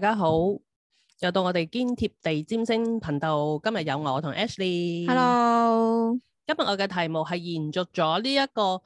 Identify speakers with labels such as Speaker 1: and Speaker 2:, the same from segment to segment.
Speaker 1: 大家好，又到我哋堅貼地占星頻道，今日有我同 Ashley。Hello，今日我嘅題目係延續咗呢一個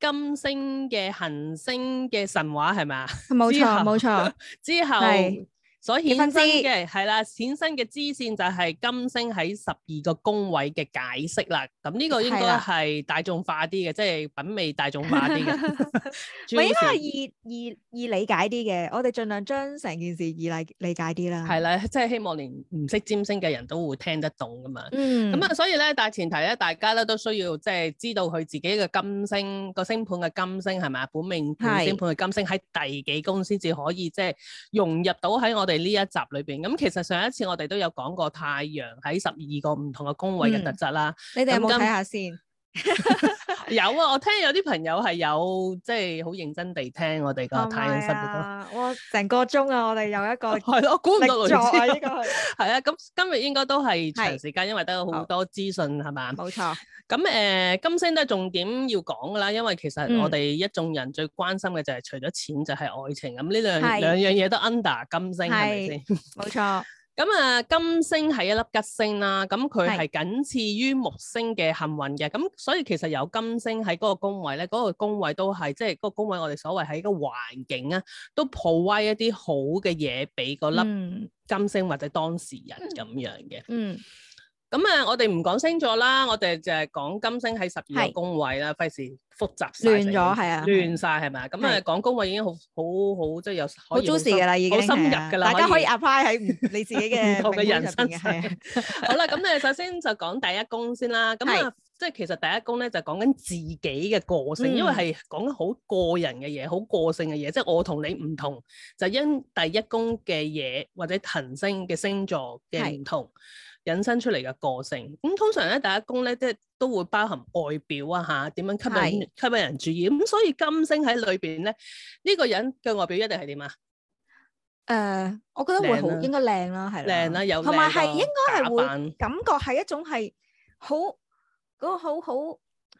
Speaker 1: 金星嘅行星嘅神話係咪啊？冇錯，冇錯錯，之後。所以衍生嘅係啦，衍生嘅支線就係金星喺十二個宮位嘅解釋啦。咁呢個應該係大眾化啲嘅，即係的品味大眾化啲嘅。咪 人因為易
Speaker 2: 易易理解啲嘅，我哋盡量將成件事易理理解啲啦。係啦，即係希望連
Speaker 1: 唔識占星嘅人都會聽得懂噶嘛。嗯。咁啊，所以咧，大前提咧，大家咧都需要即係知道佢自己嘅金星、個星盤嘅金星係咪啊，本命星盤嘅金星喺第幾宮先至可以即係融入到喺我哋。呢一集裏邊，咁、嗯、其實上一次我哋都有講過太陽喺十二個唔同嘅宮位嘅特質啦。嗯、那你哋有冇睇下先？ 有啊，我聽有啲朋友係有，即係好認真地聽我哋、啊、個太陽神嘅
Speaker 2: 我成個鐘啊，我哋有一個係咯，估唔到雷同啊呢個係，
Speaker 1: 係啊，咁、 啊、今日應該都係長時間，是因為都有多資訊好多資訊係嘛，冇錯吧。咁誒錯，金、呃、星都係重點要講噶啦，因為其實我哋一眾人最關心嘅就係除咗錢就係愛情，咁呢兩兩樣嘢都 under 金星係咪先？冇錯。咁啊、嗯，金星係一粒吉星啦、啊，咁佢係僅次於木星嘅幸運嘅，咁是、嗯、所以其實有金星喺嗰個宮位咧，嗰、嗰個宮位都係即係嗰個宮位，我哋所謂喺一個環境啊，都鋪威一啲好嘅嘢俾嗰粒金星或者當事人咁樣嘅。嗯嗯。咁啊，我哋唔講星座啦，我哋就係講金星喺十二個宮位啦，費事複雜曬，亂咗係啊，亂曬係咪啊？咁啊，講宮位已經好好好，即係有可以好準時㗎啦，已經係啊，好深入㗎啦，大家可以
Speaker 2: apply 喺唔你自己嘅唔同嘅人生嘅。
Speaker 1: 好啦，咁咧首先就講第一宮先啦。咁啊，即係其實第一宮咧就講緊自己嘅個性，因為係講緊好個人嘅嘢，好個性嘅嘢，即係我同你唔同，就因第一宮嘅嘢或者上升嘅星座嘅唔同。引申出嚟嘅個性，咁、嗯、通常咧，第一宮咧即係都會包含外表啊嚇，點樣吸引是吸引人注意，咁所以金星喺裏邊咧，呢、呢個人嘅外表一定係點啊？
Speaker 2: 誒、呃，我覺得會好應該靚啦，係啦，靚啦有同埋係應該係會感覺係一種係好嗰個好好。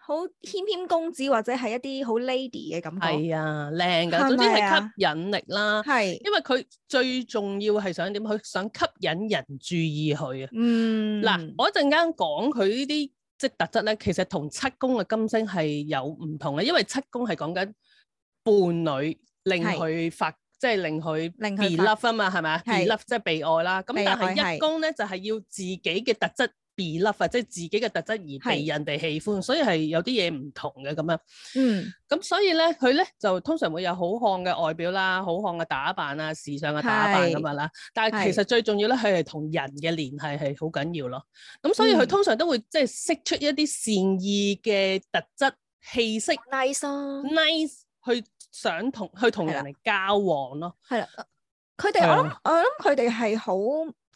Speaker 2: 好謙謙公子或者係一啲好 lady 嘅感覺，係啊靚㗎，總之係吸
Speaker 1: 引力啦。係，因為佢最重要係想點？佢想吸引人注意佢啊。嗯，嗱，我一陣間講佢呢啲即係特質咧，其實同七宮嘅金星係有唔同嘅，因為七宮係講緊伴侶令佢發，即係令佢 be love 啊嘛，係咪啊？Be love 即係被愛啦。咁但係一宮咧就係要自己嘅特質。被甩或者自己嘅特質而被人哋喜歡，是所以係有啲嘢唔同嘅咁樣。嗯，咁所以咧，佢咧就通常會有好看嘅外表啦，好看嘅打扮啊，時尚嘅打扮咁樣啦。但係其實最重要咧，佢係同是人嘅聯繫係好緊要咯。
Speaker 2: 咁所以佢通
Speaker 1: 常都會、嗯、即係釋出一啲善意嘅特質氣息，nice，nice，、啊、nice，去想同去同人哋交往咯。
Speaker 2: 係啦，佢哋我諗我諗佢哋係好。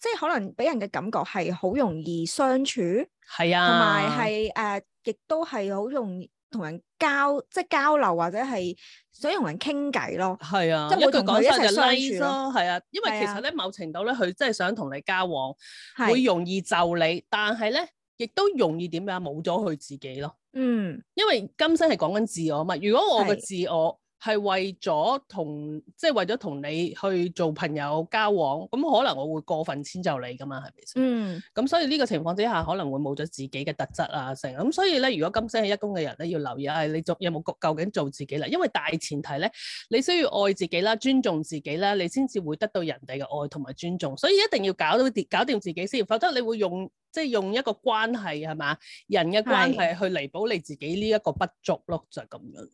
Speaker 2: 即係可能俾人嘅感覺係好容易相處，係啊，同埋係誒，亦都係好容易同人交，即係交流或者係想同人傾偈咯，係啊，即係會同佢一齊相處咯，
Speaker 1: 係啊，因為其實咧某程度咧，佢真係想同你交往，啊、會容易就你，但係咧亦都容易點樣冇咗佢自己咯，嗯，因為今生係講緊自我嘛，如果我嘅自我。係為咗同即係為咗同你去做朋友交往，咁可能我會過分遷就你噶嘛，係咪先？嗯。咁所以呢個情況之下，可能會冇咗自己嘅特質啊，成咁。所以咧，如果金星係一宮嘅人咧，要留意下你做有冇究竟做自己啦？因為大前提咧，你需要愛自己啦，尊重自己啦，你先至會得到人哋嘅愛同埋尊重。所以一定要搞到掂，搞掂自己先，否則你會用即係、就是、用一個關係係嘛，人嘅關係去彌補你自己呢一個不足咯，是就係咁樣。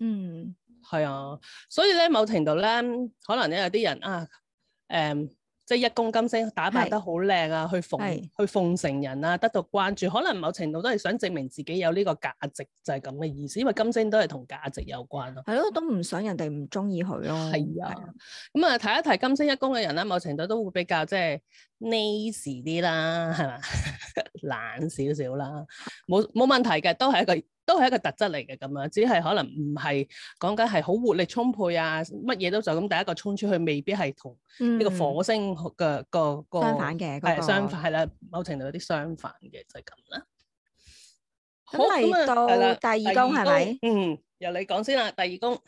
Speaker 1: 嗯，係啊，所以咧，某程度咧，可能咧有啲人啊，誒、嗯，即係一宮金星打扮得好靚啊，是去奉是去奉承人啊，得到關注，可能某程度都係想證明自己有呢個價值，就係咁嘅意思。因為金星都係同價值有關咯、啊。係咯，都唔想人哋唔
Speaker 2: 中意佢咯。係啊，
Speaker 1: 咁啊，睇、啊、一睇金星一宮嘅人咧，某程度都會比較即係、就是、lazy 啲啦，係嘛，懶少少啦，冇冇問題嘅，都係一個。都係一個特質嚟嘅，咁啊，只係可能唔係講緊係好活力充沛啊，乜嘢都做咁第一個衝出去，未必係同呢個火星嘅，嗯、個個相反嘅，係相反係啦，某程度有啲相反嘅就係咁啦。好，嚟到第二宮係咪？
Speaker 2: 嗯，由你講先啦，第二宮。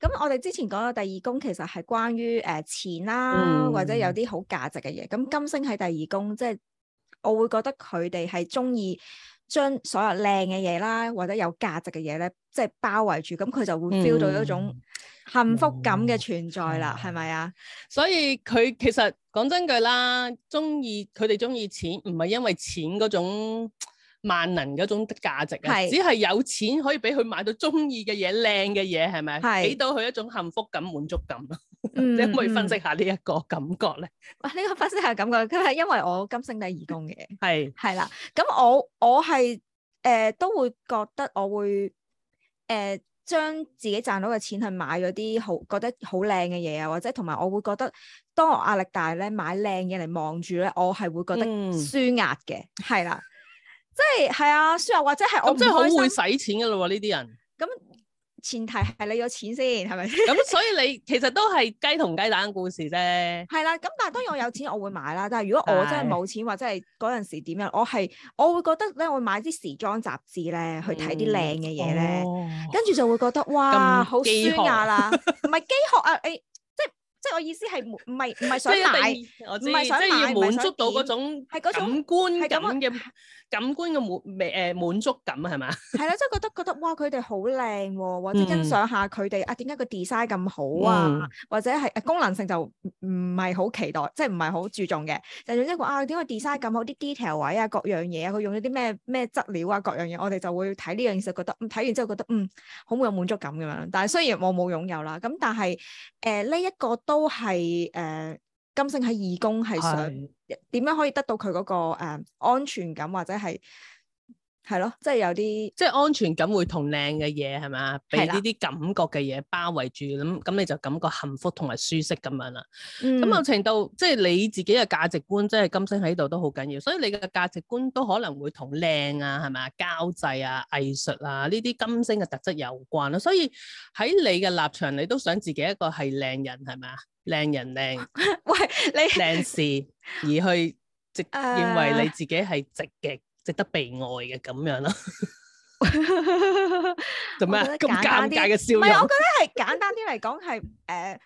Speaker 2: 咁我哋之前講嘅第二宮，其實係關於誒錢啦，啊，嗯，或者有啲好價值嘅嘢。咁金星喺第二宮，即係我會覺得佢哋係中意，將所有靚嘅嘢啦，或者有價值嘅嘢咧，即係包圍住，咁佢就會 feel 到一種幸福感嘅存在啦，係咪啊？哦、吧所以佢其實講真句啦，
Speaker 1: 中意佢哋中意錢，唔係因為錢嗰種。萬能嗰種價值啊，是只係有錢可以俾佢買到中意嘅嘢，靚嘅嘢係咪？俾是到佢一種幸福感、滿足感咯。 你可唔可以分析下呢一個感覺咧？
Speaker 2: 哇、嗯，呢、嗯啊，這個分析下感覺，佢係因為我金星底二宮嘅，係係是啦。咁我我係誒、呃、都會覺得我會誒、呃、將自己賺到嘅錢去買咗啲好覺得好靚嘅嘢啊，或者同埋我會覺得，當我壓力大咧，買靚嘢嚟望住咧，我係會覺得舒壓嘅，係、嗯、啦。即係係啊，舒啊，或者係我真係好會使錢噶咯呢啲人。咁前提係你有錢先，係咪？咁所以你其實都係雞同雞蛋故事啫。係啦、 啊，咁但係當然我有錢我會買啦，但係如果我真係冇錢是或者係嗰陣時點樣，我係我會覺得咧，我會買啲時裝雜誌咧，去睇啲靚嘅嘢咧，嗯哦、跟住就會覺得哇，麼好舒雅啦，唔係飢渴啊你。哎即係我意思係唔唔係唔係想買，唔係想買，唔係想要滿足到嗰種係嗰種
Speaker 1: 感官感嘅感官嘅滿誒、呃、滿足感
Speaker 2: 係咪？係啦，即係、就是、覺得覺得哇佢哋好靚喎，或者欣賞下佢哋、嗯、啊點解個 design 咁好啊？嗯、或者係功能性就唔唔係好期待，即係唔係好注重嘅。但係總之啊，點解 design 咁好，啲 detail 位啊各樣嘢啊，佢用咗啲咩咩質料啊各樣嘢，我哋就會睇呢樣嘢，就覺得睇完之後覺得，嗯好冇有滿足感咁樣。但係雖然我冇擁有啦，咁但係誒呢一個。都係誒、呃，金星喺二宮係想點樣可以得到佢嗰個誒、呃、安全感或者係。係咯，即係有啲
Speaker 1: 即係安全感會同靚嘅嘢，係咪，俾呢啲感覺嘅嘢包圍住，咁咁你就感覺幸福同埋舒適咁樣啦。咁某程度，即係你自己嘅價值觀，即係金星喺度都好緊要，所以你嘅價值觀都可能會同靚啊，係咪，交際啊，藝術啊呢啲金星嘅特質有關咯。所以喺你嘅立場，你都想自己一個係靚人，係咪，靚人靚，靚事，而去直認為你自己係直嘅。值得被愛嘅咁樣咯，
Speaker 2: 啊， 做咩咁尷尬嘅笑樣？唔係，我覺得係簡單啲嚟講係誒，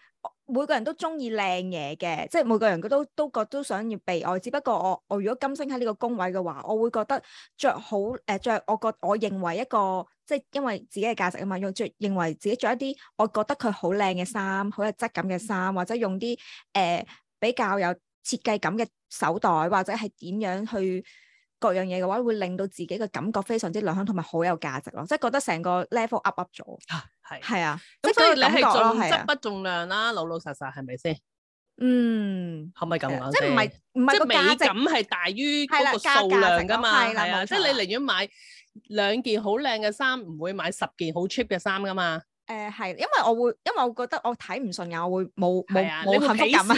Speaker 2: 每個人都中意靚嘢嘅，即、就、係、是、每個人都都覺都想要被愛。只不過我我如果金星喺呢個宮位嘅話，我會覺得着好誒，著、呃、我覺得我認為一個即係、就是、因為自己嘅價值啊嘛，用著認為自己着一啲我覺得佢好靚嘅衫，好、嗯、有質感嘅衫，或者用啲誒、呃、比較有設計感嘅手袋，或者係點樣去。各樣嘢嘅話，會令到自己嘅感覺非常之良好，同埋好有價值咯，即係覺得成個 level up up 咗。係係啊，咁所以你係重質不
Speaker 1: 重量啦，老老實實係咪先？
Speaker 2: 嗯。可唔可以咁
Speaker 1: 講先？即係唔係唔係個美感係大於嗰個數量噶嘛？係啊，即係你寧願買兩件好靚嘅衫，唔會買十件好 cheap 嘅衫噶嘛？
Speaker 2: 誒，係，因為
Speaker 1: 我會，因為我覺得
Speaker 2: 我睇唔順眼，我會冇冇冇。冇幸福感
Speaker 1: 啊，冇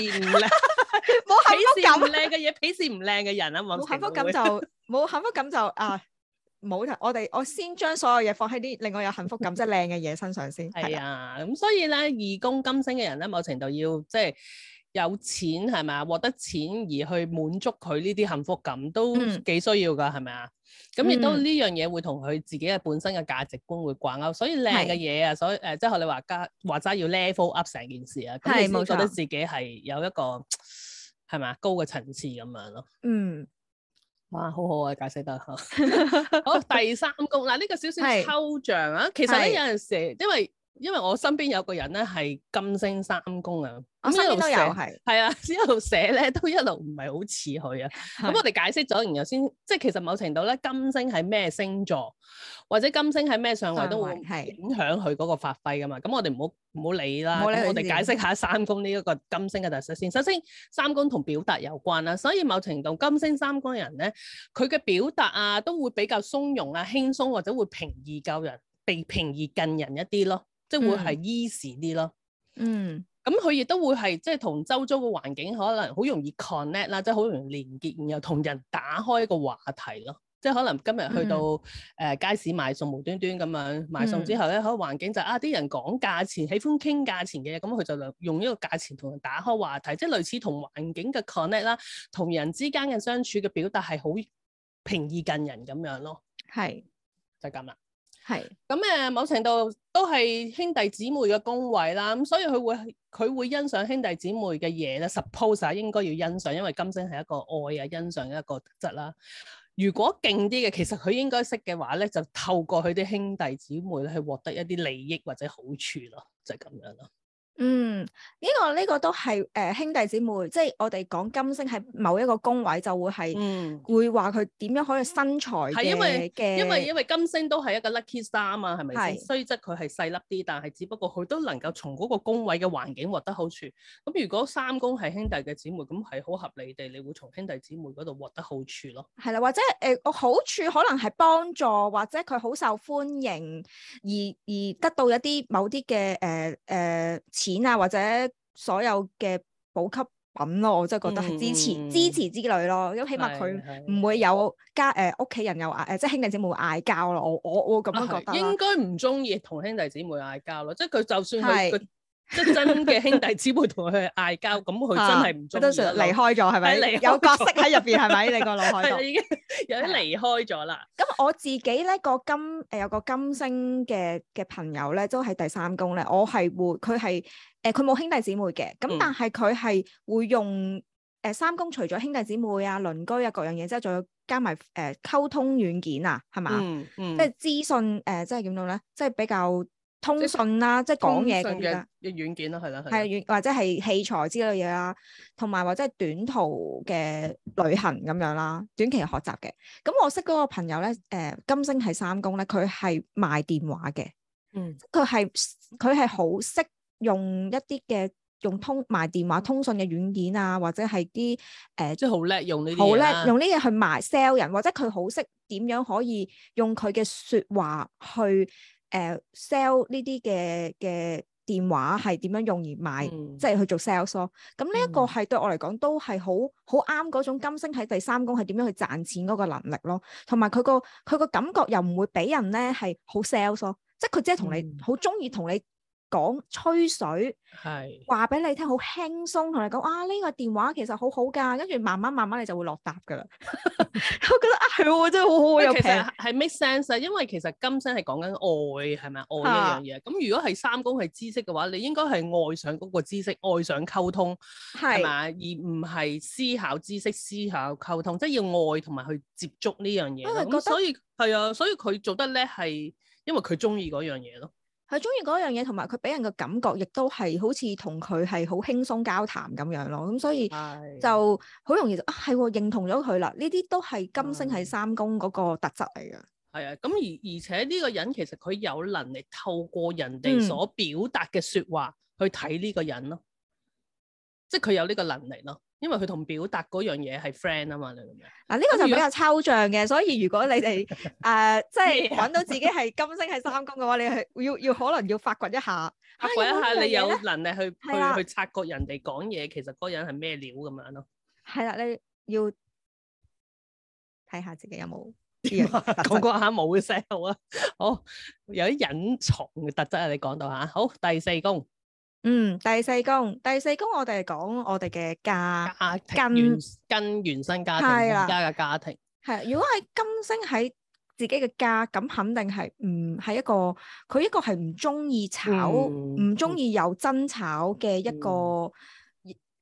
Speaker 1: 鄙視唔靚嘅嘢，鄙視唔靚嘅人啊！冇幸福感就。
Speaker 2: 冇幸福感就啊，冇我哋我先將所有嘢放喺啲令我有幸福感 即係靚嘅嘢身上先。係 啊，咁、嗯、所以咧，二
Speaker 1: 宮金星嘅人咧，某程度要即係有錢係嘛，獲得錢而去滿足佢呢啲幸福感都幾需要噶，係咪啊？咁亦都呢樣嘢會同佢自己嘅本身嘅價值觀會掛鈎，所以靚嘅嘢啊，是所以誒即係你家說話加話齋要 level up 成件事啊，咁先是覺得自己係有一個係嘛高嘅層次咁樣咯。嗯。哇，好好啊，解釋得好。 好，第三宮嗱，呢、這個少少抽象啊，是其實咧是有陣時因為。因為我身邊有個人咧係金星三宮啊，一寫我一路都有係，係啊，一路寫咧都一路唔係好似佢啊。咁是我哋解釋咗，然後先即係其實某程度咧，金星係咩星座或者金星係咩上位都會影響佢嗰個發揮噶嘛。咁我哋唔好唔好理啦，理我哋解釋下三宮呢一個金星嘅特色先。首先，三宮同表達有關啦，所以某程度金星三宮人咧，佢嘅表達啊都會比較鬆容、啊，輕鬆或者會平易救人，被平易近人一啲咯。即係會係 easy 啲咯，嗯，咁佢亦都會係即係同周遭嘅環境可能好容易 connect 啦，即係好容易連結，然後同人打開個話題咯。即係可能今日去到誒、嗯呃、街市買餸，無端端咁樣買餸之後咧，嗯、可能環境就係、啊啲人講價錢，喜歡傾價錢嘅，咁佢就用呢個價錢同人打開話題，即係類似同環境嘅 connect 啦，同人之間嘅相處嘅表達係好平易近人咁樣咯。係，就咁啦。係，咁誒、嗯，某程度都係兄弟姊妹嘅宮位啦，咁所以佢會佢會欣賞兄弟姊妹嘅嘢咧，suppose 應該要欣賞，因為金星係一個愛啊欣賞嘅一個特質啦。如果勁啲嘅，其實佢應該識嘅話咧，就透過佢啲兄弟姊妹去獲得一啲利益或者好處咯，就係、是、咁樣咯。
Speaker 2: 嗯，呢、這個呢、這個都係誒、呃、兄弟姊妹，即係我哋講金星係某一個宮位就會係，嗯、會話佢點樣可以生財。係因為的因為
Speaker 1: 因為金星都係一個 lucky star 啊，係咪？係是，雖則佢係細粒啲，但係只不過佢都能夠從嗰個宮位嘅環境獲得好處。咁如果三宮係兄弟嘅姊妹，咁係好合理地，你會從兄弟姊妹嗰度獲得好處咯。
Speaker 2: 係啦，或者誒，我、呃、好處可能係幫助，或者佢好受歡迎，而而得到一啲某啲嘅誒誒。呃呃呃錢啊，或者所有嘅補給品咯，我真係覺得係支持、嗯、支持之類咯，咁起碼佢唔會有家誒屋企人又嗌誒，即係兄弟姊妹嗌交咯。我我我咁樣覺得，應
Speaker 1: 該唔鍾意同兄弟姊妹嗌交咯，即係佢就算係。是即真嘅兄弟姊妹同佢嗌交，咁佢真係唔中意，多說離開咗係咪？有角色喺入邊係咪？你個腦開咗？係已經
Speaker 2: 有啲離開咗啦。咁我自己咧個金誒有個金星嘅嘅朋友咧都係第三宮咧，我係會佢係誒佢冇兄弟姊妹嘅，咁但係佢係會用誒三宮除咗兄弟姊妹啊、鄰居啊各樣嘢之後，仲要加埋誒溝通軟件啊，係嘛？即係資訊誒，即係點樣咧？即係比較。通訊啦、啊，即係講嘢嘅
Speaker 1: 軟件啦，係啦，係。係，或
Speaker 2: 或者係器材之類嘢啦、啊，同埋或者係短途嘅旅行咁樣啦，短期學習嘅。咁我識嗰個朋友咧，誒、呃、金星係三宮呢，咧，佢係賣電話嘅，嗯，佢係佢係好識用一啲嘅用通賣電話通訊嘅軟件啊，或者係啲誒，呃、即係好叻用呢啲、啊，好叻用呢啲去賣 sell 人，或者佢好識點樣可以用佢嘅説話去。誒 sell 呢啲嘅嘅電話係點樣用而賣，嗯、即係去做 sales 咯。咁呢一個係對我嚟講都係好好啱嗰種，金星喺第三宮係點樣去賺錢嗰個能力咯。同埋佢個佢個感覺又唔會俾人咧係好 sales 咯，即係佢只係同你好鍾意同你。嗯講吹水，係話俾你聽好輕鬆，同你講啊呢、這個電話其實好好噶，跟住慢慢慢慢你就會落答噶啦。 我覺得啊係、哦，真係好好其實，係 make sense 啊。因為其
Speaker 1: 實金星係講緊愛係咪愛呢樣嘢？咁是如果係三宮係知識嘅話，你應該係愛上嗰個知識，愛上溝通係嘛，是而唔係思考知識、思考溝通，即係要愛同埋去接觸呢樣嘢。因咁所以係啊，所以佢做得叻
Speaker 2: 係因為佢中意嗰樣嘢咯。佢中意嗰樣嘢，同埋佢俾人嘅感覺，亦都係好似同佢係好輕鬆交談咁樣咯。咁所以就好容易就係的、啊、認同咗佢啦。呢啲都係金星喺三宮嗰個特質嚟
Speaker 1: 嘅。係啊，咁而而且呢個人其實佢有能力透過人哋所表達嘅説話去睇呢個人咯，嗯、即係佢有呢個能力咯。因為佢同表達嗰樣嘢係 friend 啊嘛，你咁樣。
Speaker 2: 嗱呢、啊這個就比較抽象嘅，所以如果你哋誒，即係揾到自己係金星係三宮嘅話，你係要要可能要發掘一下，發掘一下你有，你有
Speaker 1: 能力去去、啊、去察覺人哋講嘢，其實嗰人係咩料咁樣咯。
Speaker 2: 係啦、啊，你要睇下自己有冇，
Speaker 1: 講講、啊、下冇嘅聲啊。好，有啲隱藏嘅特質啊，你講到吓，好第四宮。嗯，
Speaker 2: 第四宮，第四宮我哋係講我哋嘅家，家庭跟原跟原生家庭而的家嘅家庭。係，如果喺金星喺自己嘅家，咁肯定係唔係一個，佢一個係唔中意吵，唔中意有爭吵嘅一個。嗯嗯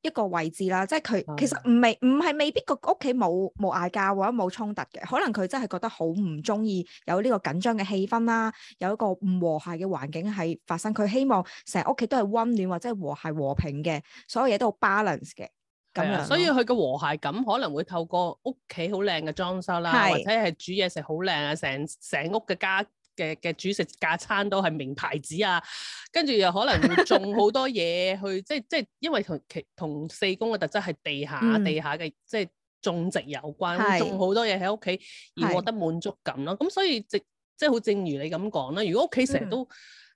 Speaker 2: 一個位置啦，即係佢其實唔未唔係未必個屋企冇冇嗌交或者冇衝突嘅，可能佢真係覺得好唔中意有呢個緊張嘅氣氛啦，有一個唔和諧嘅環境喺發生，佢希望成屋企都係溫暖或者和諧和平嘅，所有嘢都好 balance 嘅。咁的所
Speaker 1: 以佢嘅和諧感可能會透過屋企好靚嘅裝修啦，的或者係煮嘢食好靚啊，成成屋嘅家。嘅嘅主食架餐都係名牌子啊，跟住又可能會種好多嘢去， 即即因為同其同四宮嘅特質係地下、嗯、地下嘅即係種植有關，嗯、種好多嘢喺屋企而獲得滿足感咯。咁是所以即即好正如你咁講啦，如果屋企成日都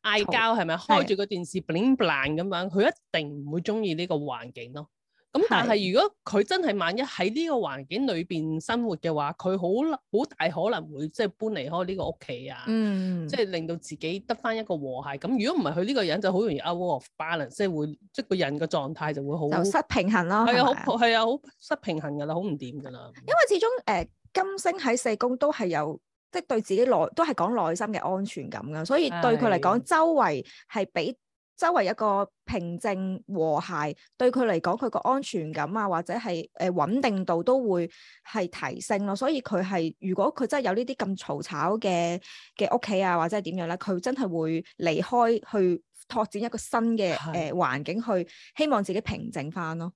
Speaker 1: 嗌交，係咪、嗯、開住個電視 bling blang 咁樣，佢的的一定唔會中意呢個環境咯。咁、嗯、但係如果佢真係萬一喺呢個環境裏邊生活嘅話，佢好好大可能會即係搬離開呢個屋企啊，嗯、即係令到自己得返一個和諧。咁如果唔係佢呢個人，就好容易 out of balance，即係會即係個人嘅狀態就會好失平
Speaker 2: 衡咯。係啊是，好
Speaker 1: 係啊，好失平衡㗎啦，好唔掂㗎啦。
Speaker 2: 因為始終誒金、呃、星喺四宮都係有，即、就、係、是、對自己內都係講內心嘅安全感㗎，所以對佢嚟講，的周圍係俾。周圍一個平靜和諧，對佢嚟講，佢個安全感啊，或者係誒穩定度都會係提升咯。所以佢係如果佢真係有呢啲咁嘈吵嘅嘅屋企啊，或者係點樣咧，佢真係會離開去拓展一個新嘅誒的、呃、環境，去希望自己平靜翻咯。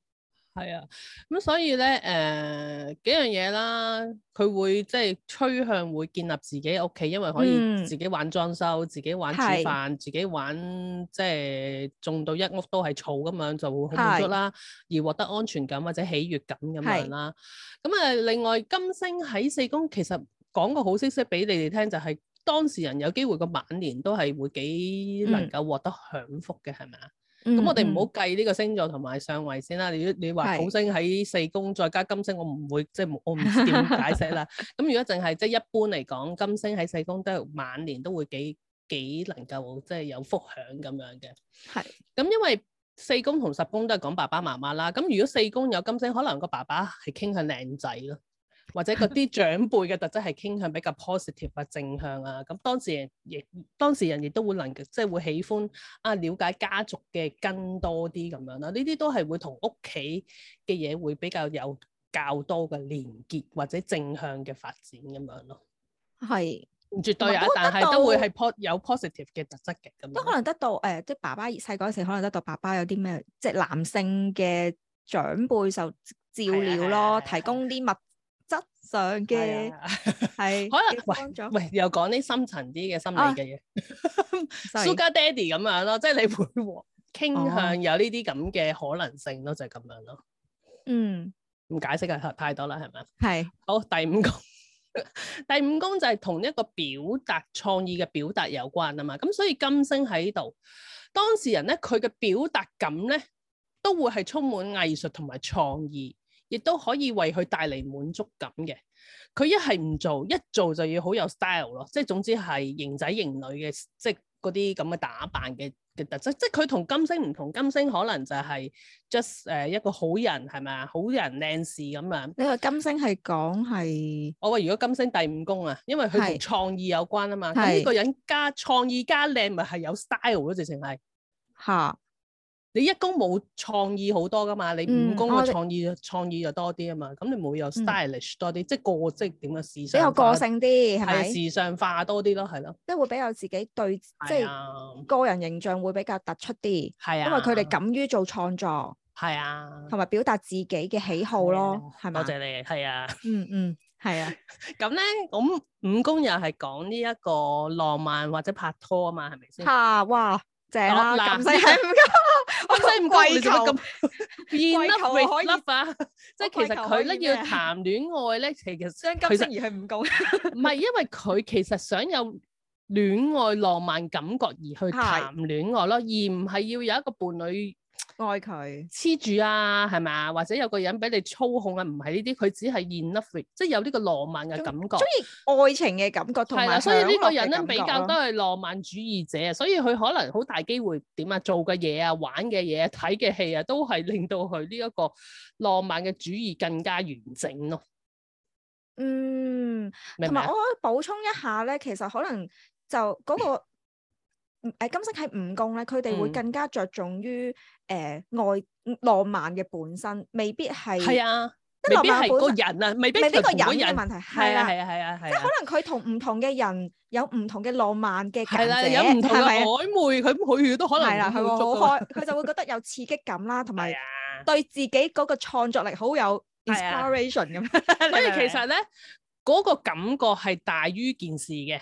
Speaker 2: 係啊，咁所以咧，誒、呃，
Speaker 1: 幾樣嘢啦，佢會即係趨向會建立自己屋企，因為可以自己玩裝修，嗯、自己玩煮飯，是自己玩即係種到一屋都係草咁樣，就會好滿足啦，是而獲得安全感或者喜悅感咁樣啦。咁是啊，另外金星喺四宮，其實講個好消息俾你哋聽，就係、是、當事人有機會個晚年都係會幾能夠獲得享福嘅，係咪啊？咁、嗯嗯、我哋唔好計呢個星座同埋相位先啦。如果你話土星喺四宮是再加金星，我唔會即係我唔知點解釋啦。咁 如果淨係即係一般嚟講，金星喺四宮都係晚年都會幾幾能夠即係有福享咁樣嘅。係是。咁因為四宮同十宮都係講爸爸媽媽啦。咁如果四宮有金星，可能個爸爸係傾向靚仔咯。 或者嗰啲長輩嘅特質係傾向比較 positive 啊正向啊，咁當，當時人亦當時人亦都會能即係會喜歡啊了解家族嘅根多啲咁樣啦、啊，呢啲都係會同屋企嘅嘢會比較有較多嘅連結或者正向嘅發展咁樣咯、
Speaker 2: 啊。係是，絕對啊！但係都會係
Speaker 1: po, 有 positive 嘅特質嘅咁。
Speaker 2: 都可能得到誒、呃，即係爸爸細個嗰時可能得到爸爸有啲咩，即係男性嘅長輩受照料咯，啊、提供啲物。 上
Speaker 1: 嘅係可能喂喂，喂又講啲深層啲嘅心理嘅嘢，Sugar Daddy 咁樣咯，即係你會傾向有呢啲咁嘅可能性咯，哦、就係咁樣咯。嗯，唔解釋啊，太多啦，係咪係？是好，第五宮，第五宮就係同一個表達創意嘅表達有關啊嘛。咁所以金星喺度，當事人咧佢嘅表達感咧都會係充滿藝術同埋創意。亦都可以為佢帶嚟滿足感嘅。佢一係唔做，一做就要好有 style 咯。即係總之係型仔型女嘅，即係嗰啲咁嘅打扮嘅嘅特質。即係佢同金星唔同，金星可能就係 just 誒、uh，一個好人係咪啊？好人靚事咁樣啊。你話金
Speaker 2: 星係講係？
Speaker 1: 我話如果金星第五宮啊，因為佢同創意有關啊嘛。咁呢是個人加創意加靚，咪係有 style 咯，直情係。嚇！你一宮冇創意好多噶嘛？你五宮嘅創意創意就多啲啊嘛。咁你冇有 stylish 多啲，即係個即係點樣時尚化，比較個性啲，係咪？時尚化多啲咯，係咯。
Speaker 2: 即係會比較自己對，即
Speaker 1: 係
Speaker 2: 個人形象會比較突出啲。係啊，因為佢哋敢於做創作。係啊。同埋表達自己嘅喜好咯，係嘛？多謝你，係啊。嗯嗯，係啊。咁咧，咁五宮又係講呢一個
Speaker 1: 浪漫或者拍拖啊嘛，係咪先？吓，
Speaker 2: 哇！正啦，男仔係
Speaker 1: 唔夠，唔使唔跪求咁，變粒未粒啊！即係其實佢咧要談戀愛咧，其實雙金雙魚係唔夠，唔係因為佢其實想有戀愛浪漫感覺而去談戀愛咯，而唔係要有一個伴侶。愛佢黐住啊，係咪啊？或者有個人俾你操控啊？唔係呢啲，佢只係 enough，即係有呢個浪漫嘅感覺。中意愛情嘅感覺同埋。係啦，所以呢個人咧比較都係浪漫主義者，嗯、所以佢、嗯、可能好大機會點啊？做嘅嘢啊，玩嘅嘢，啊，睇嘅戲啊，都係令到佢呢一個浪漫嘅主義更加完整咯。嗯，
Speaker 2: 明，同埋我補充一下咧，其實可能就嗰個。 誒，金星係五宮咧，佢哋會更加着重於誒、呃、愛浪漫嘅本身，未必係係啊，即浪漫未必係個人啊，未必同嗰個人嘅問題，係啊係啊係啊，啊啊啊即係可能佢同唔同嘅人有唔同嘅浪漫嘅感覺，係啦、啊，有唔同嘅曖
Speaker 1: 昧，佢、啊、每句都可能係啦、啊，佢好開，佢
Speaker 2: 就會覺得有刺激感啦，同埋、啊、對自己嗰個創作力好有 inspiration 咁、啊啊、 所以其實咧嗰、那個感覺係大於件事嘅，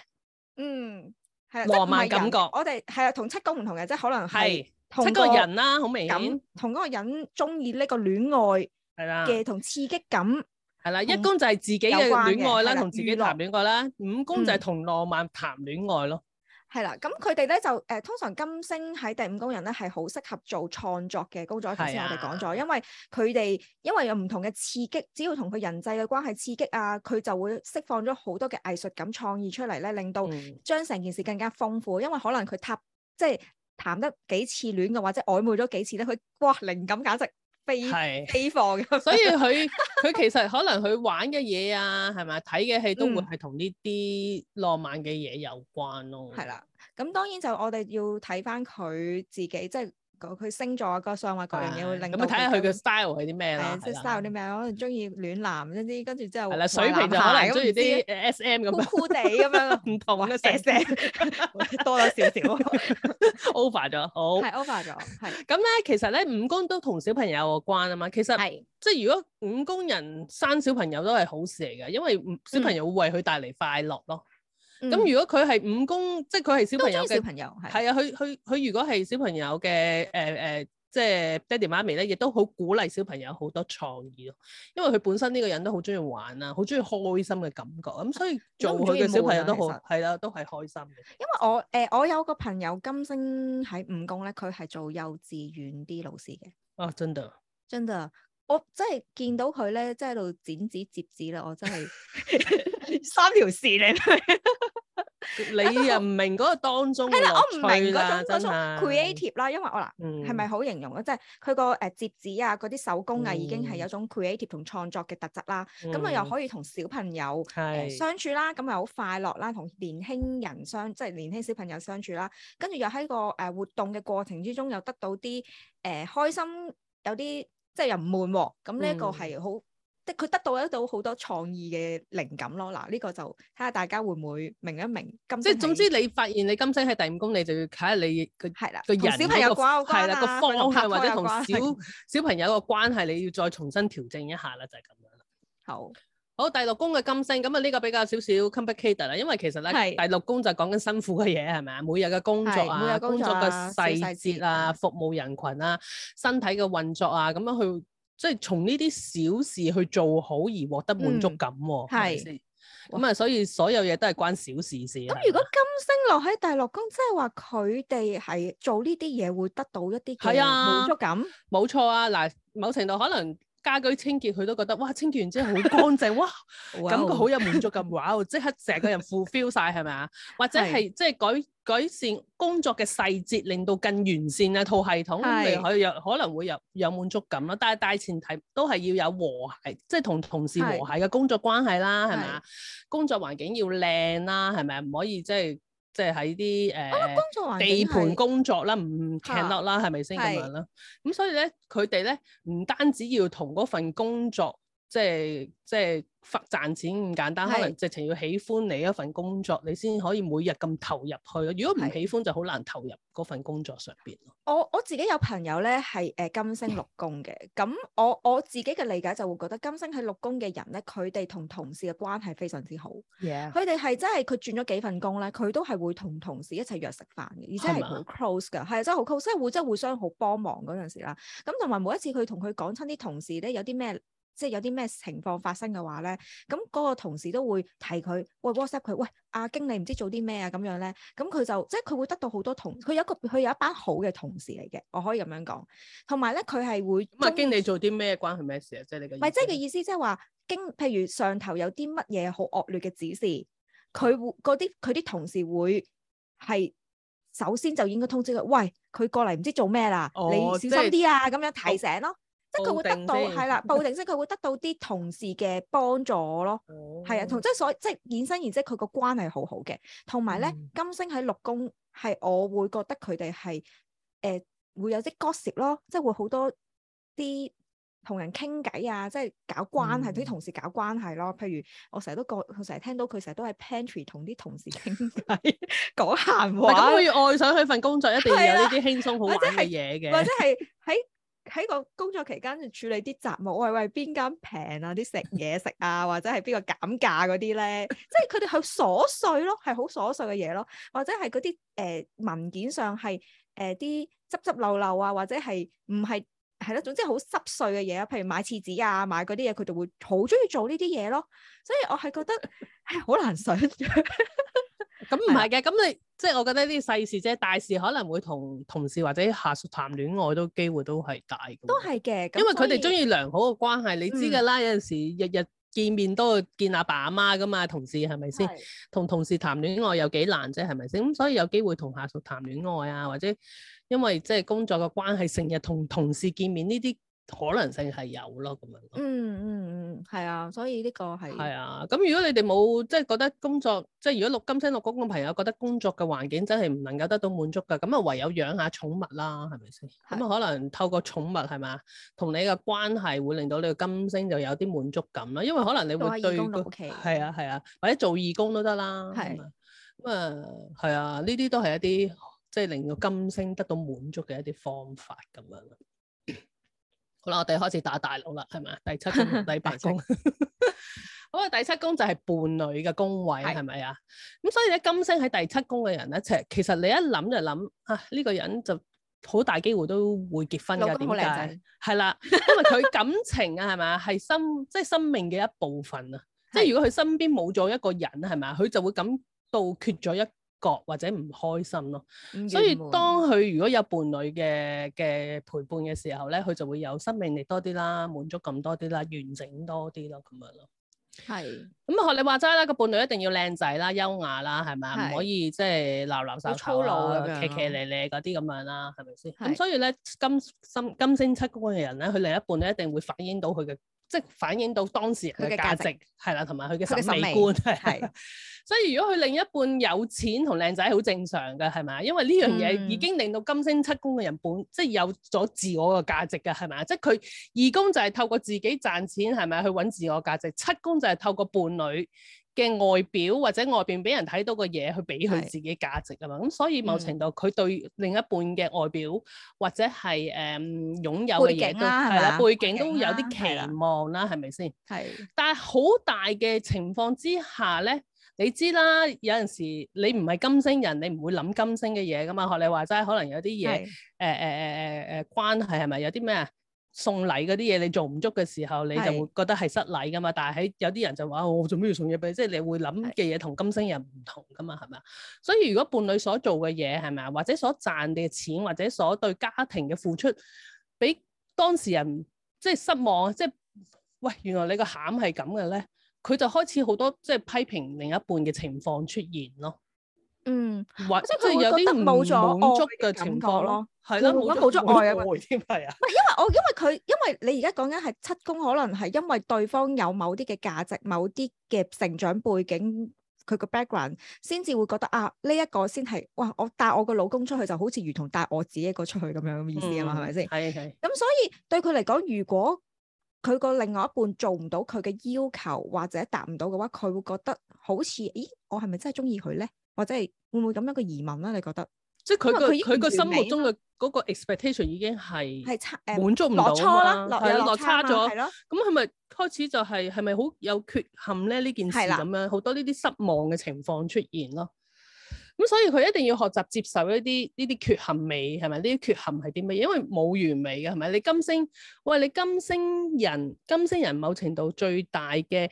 Speaker 2: 嗯。係浪漫感覺，我哋係啊，同七宮唔同嘅，即係可能係同七個人啦、啊，好明顯，同嗰個人中意呢個戀愛係啦嘅同刺激感係啦，一宮就係自己嘅戀愛啦，同自己
Speaker 1: 談戀愛啦，的樂五宮就係同浪漫談戀愛咯。嗯
Speaker 2: 係啦，咁佢哋咧就誒、呃、通常金星喺第五宮人咧係好適合做創作嘅工作。頭先的我哋講咗，因為佢哋因為有唔同嘅刺激，只要同佢人際嘅關係刺激啊，佢就會釋放咗好多嘅藝術感創意出嚟咧，令到將成件事更加豐富。嗯、因為可能佢談即係談得幾次戀嘅或者曖昧咗幾次咧，佢哇靈感簡直～係悲放，所以佢佢其實可能
Speaker 1: 佢玩嘅嘢啊，係咪睇嘅戲都會係同呢啲浪漫嘅嘢有關咯。係啦、
Speaker 2: 嗯，咁當然就我哋要睇返佢自己，即係。佢星座啊，嗰啲所以話各樣嘢會令到咁，睇下佢嘅 style 係啲咩啦。style 啲咩？可能中意暖男一啲，跟住之後係啦，水平就可能中意啲 SM 咁樣。
Speaker 1: 酷酷地咁樣，唔同啊，蛇蛇多咗少少，over 咗好。係 over 咗，係咁咧。其實咧，五宮都同小朋友有關啊嘛。其實即係如果五宮人生小朋友都係好事嚟㗎，因為小朋友會為佢帶嚟快樂咯。咁、嗯、如果佢係五宮，即係佢係小朋友嘅，小朋友係啊，佢佢佢如果係小朋友嘅，誒、呃、誒、呃，即係爹哋媽咪咧，亦都好鼓勵小朋友好多創意咯。因為佢本身呢個人都好
Speaker 2: 中意玩啊，好中意開心嘅感覺。咁、嗯、所以做佢嘅小朋友都好，
Speaker 1: 係啦，都係開心
Speaker 2: 嘅。因為我誒、呃，我有個朋友金星喺五宮咧，佢係做幼稚園啲老師嘅。啊，真噶！真噶！我真係見到佢咧，即係喺度剪紙折紙啦，我真係。 三條線 你你
Speaker 1: 又唔明嗰個當中係啦，我唔明嗰種嗰種
Speaker 2: creative 啦，因為我嗱係咪好形容咧？即係佢個誒折紙啊，嗰啲手工，啊嗯、已經係有種 creative 同創作嘅特質啦。咁佢、嗯、又可以同小，的、呃、小朋友相處啦，咁又好快樂啦，同年輕人相即係年輕小朋友相處啦。跟住又喺個誒活動嘅過程之中，又得到啲誒、呃、開心，有啲即係又唔悶。咁呢一個係好。嗯即係佢得到一到好多創意嘅靈感咯，嗱呢個就睇下大家會唔會明一明金星。即係總之你發現你金星喺第五宮，你就要睇下你個係啦，個小朋友關關啦，係方向或者同小
Speaker 1: 小朋友個關係，你要再重新調整一下啦，就係咁樣啦。好，好第六宮嘅金星，咁啊呢個比較少少 complicated 啦，因為其實咧第六宮就講緊辛苦嘅嘢係咪啊？每日嘅工作啊，每日工作嘅細節啊，服務人群啊，身體嘅運作啊，咁樣去。即係從呢啲小事去做好而獲得滿足感，哦，係咁啊！所以所有嘢都係關小事先。咁哇吧
Speaker 2: 如果金星落喺第六宮，即係話佢哋係做呢啲嘢會得到一啲啊，滿足
Speaker 1: 感，冇錯啊！嗱、啊，某程度可能。家居清潔佢都覺得哇，清潔完之後好乾淨哇，感覺好有滿足感，哇、哦！即、 哦、刻成個人 full feel 晒，係咪啊？或者係是即係改改善工作嘅細節，令到更完善啊套系統，我哋是可以有可能會有有滿足感咯。但係大前提都係要有和諧，即係同同事和諧嘅工作關係啦，係咪啊？工作環境要靚啦，係咪啊？唔可以即係。即係喺啲誒地盤工作啦，唔 can up 啦，係咪先咁樣啦？咁所以咧，佢哋咧唔單止要同嗰份工作。即係即係發賺錢咁簡單，可能直情要喜歡你一份工作，是你先可以每日咁投入去。如果唔喜歡，是就好難投入嗰份工作上邊咯。
Speaker 2: 我我自己有朋友咧，係誒金星六宮嘅。咁、嗯、我我自己嘅理解就會覺得金星喺六宮嘅人咧，佢哋同同事嘅關係非常之好。佢哋係真係佢轉咗幾份工咧，佢都係會同同事一齊約食飯嘅，而且係好 close 噶，係真係好 close，即係會即係互相好幫忙嗰陣時啦。咁同埋每一次佢同佢講親啲同事咧，有啲咩？即係有啲咩情況發生嘅話咧，咁、那、嗰個同事都會提佢，喂 WhatsApp 佢，喂阿、啊、經理唔知做啲咩啊咁樣咧，咁佢就即係佢會得到好多同，佢有一個佢有一班好嘅同事嚟嘅，我可以咁樣講。同埋咧，佢係會咁啊經理做啲咩關佢咩事啊？即、就、係、是、你嘅唔係即係嘅意思，即係話經譬如上頭有啲乜嘢好惡劣嘅指示，佢會嗰啲佢啲同事會係首先就應該通知佢，喂佢過嚟唔知做咩啦，哦、你小心啲啊咁、哦就是、樣提醒咯。哦即係佢會得到係啦，報定息佢會得到啲同事嘅幫助咯，係啊，同即係所即係衍生而即係佢個關係好好嘅。同埋咧，金星喺六宮係我會覺得佢哋係誒會有啲 gossip 咯，即係會好多啲同人傾偈啊，即係搞關係，同啲同事搞關係咯。譬如我成日都覺，我成日聽到佢成日都喺 pantry 同啲同事傾偈講閒話。咁要
Speaker 1: 愛上去份工作，一定要有呢啲輕鬆好玩嘅嘢嘅，或者
Speaker 2: 係喺。喺個工作期間就處理啲雜務，喂喂，邊間平啊？啲食嘢食啊，或者係邊個減價嗰啲咧？即係佢哋係瑣碎咯，係好瑣碎嘅嘢咯，或者係嗰啲誒文件上係誒啲執執漏漏啊，或者係唔係係咯？總之好濕碎嘅嘢啊，譬如買廁紙啊，買嗰啲嘢，佢就會好中意做呢啲嘢咯。所以我係覺得係好、 哎、難想
Speaker 1: 象。咁唔係嘅，咁吧你。即係我覺得啲細事啫。大事可能會同同事或者下屬談戀愛都機會都係大都
Speaker 2: 係嘅，因為佢哋中
Speaker 1: 意良好嘅關係，以你知㗎啦。嗯、有陣時日日見面都多，都會見阿爸阿媽㗎嘛，同事係咪先？同是同事談戀愛有幾難啫，係咪先？咁所以有機會同下屬談戀愛啊，或者因為即係工作嘅關係，成日同同事見面呢啲。可能性係有咯，咁樣、嗯。嗯嗯
Speaker 2: 嗯，係啊，所以呢個係。係啊，
Speaker 1: 咁如果你哋冇即係覺得工作，即係如果六金星六宮嘅朋友覺得工作嘅環境真係唔能夠得到滿足嘅，咁啊唯有養下寵物啦，係咪先？咁啊是可能透過寵物係咪，同你嘅關係會令到你個金星就有啲滿足感啦。因為可能你會對，係啊係啊，啊，或者做義工都得啦。係是。咁啊係啊，呢啲都係一啲即係令到金星得到滿足嘅一啲方法咁樣。好啦，我哋開始打大六啦，係咪啊？第七宮、第八宮，七 好啊。第七宮就係伴侶嘅宮位，係咪啊？咁所以咧，金星喺第七宮嘅人一齊，其實你一諗就諗啊，呢、這個人就好大機會都會結婚噶。老公仔，係 啦，因為佢感情啊，係咪， 係生即係生命嘅一部分啊。是即係如果佢身邊冇咗一個人，係咪，佢就會感到缺咗一。覺或者唔開心咯，嗯、所以當佢如果有伴侶嘅嘅陪伴嘅時候咧，佢就會有生命力多啲啦，滿足感多啲啦，完整多啲咯，咁樣咯。係是，咁啊、嗯，學你話齋啦，個伴侶一定要靚仔啦，優雅啦，係嘛？唔是可以即係鬧鬧散粗魯嘅，騎騎咧咧嗰啲咁樣啦，係咪先？咁是、嗯、所以咧，金心金星七宮嘅人咧，佢另一半咧一定會反映到佢嘅。即係反映到當事人嘅價值係啦，同埋佢嘅審美觀係。所以如果佢另一半有錢同靚仔，好正常㗎，係咪？因為呢樣嘢已經令到金星七宮嘅人本即係有咗自我嘅價值㗎，係咪？即係佢二宮就係透過自己賺錢，係咪？去搵自我價值，七宮就係透過伴侶。嘅外表或者外邊俾人睇到個嘢去俾佢自己價值啊嘛，咁的所以某程度佢、嗯、對另一半嘅外表或者係誒、嗯、擁有嘅嘢、啊、都係啦，的的背景都有啲期望啦，係咪先？係的。的但係好大嘅情況之下咧，你知啦，有陣時你唔係金星人，你唔會諗金星嘅嘢噶嘛。學你話齋，可能有啲嘢誒誒誒誒誒關係係咪？有啲咩啊？送禮嗰啲嘢你做唔足嘅時候，你就會覺得係失禮噶嘛。是的 但係喺有啲人就話我做咩要送嘢俾你，即係你會諗嘅嘢同金星人唔同噶嘛，係咪啊？所以如果伴侶所做嘅嘢係咪啊？或者所賺嘅錢或者所對家庭嘅付出，俾當事人即係失望，即係喂，原來你個餡係咁嘅咧，佢就開始好多即係批評另一半嘅情況出現咯。嗯，即係有啲冇咗滿足嘅感覺咯，係咯，冇咗滿足感啊，添係啊，
Speaker 2: 唔係因為我因為佢因為你而家講緊係七宮，可能係因為對方有某啲嘅價值、某啲嘅成長背景，佢個 background 先至會覺得啊，呢一個先係哇，我帶我個老公出去就好似如同帶我自己一個出去咁樣嘅意思啊嘛，係咪先？係係。咁所以對佢嚟講，如果佢個另外一半做唔到佢嘅要求或者達唔到嘅話，佢會覺得好似咦，我係咪真係中意佢咧？或者係？會唔會咁樣嘅疑問咧？你覺得？即係佢個佢個心目中
Speaker 1: 嘅嗰個 expectation 已經係係誒，滿足唔到啦，落差落，落差咗，咁係咪開始就係係咪好有缺陷咧？呢件事咁樣好了多呢啲失望嘅情況出現咯。咁、嗯、所以佢一定要學習接受一啲呢啲缺陷美係咪？呢啲缺陷係啲乜嘢？因為冇完美嘅係咪？你金星喂，你金星人金星人某程度最大嘅。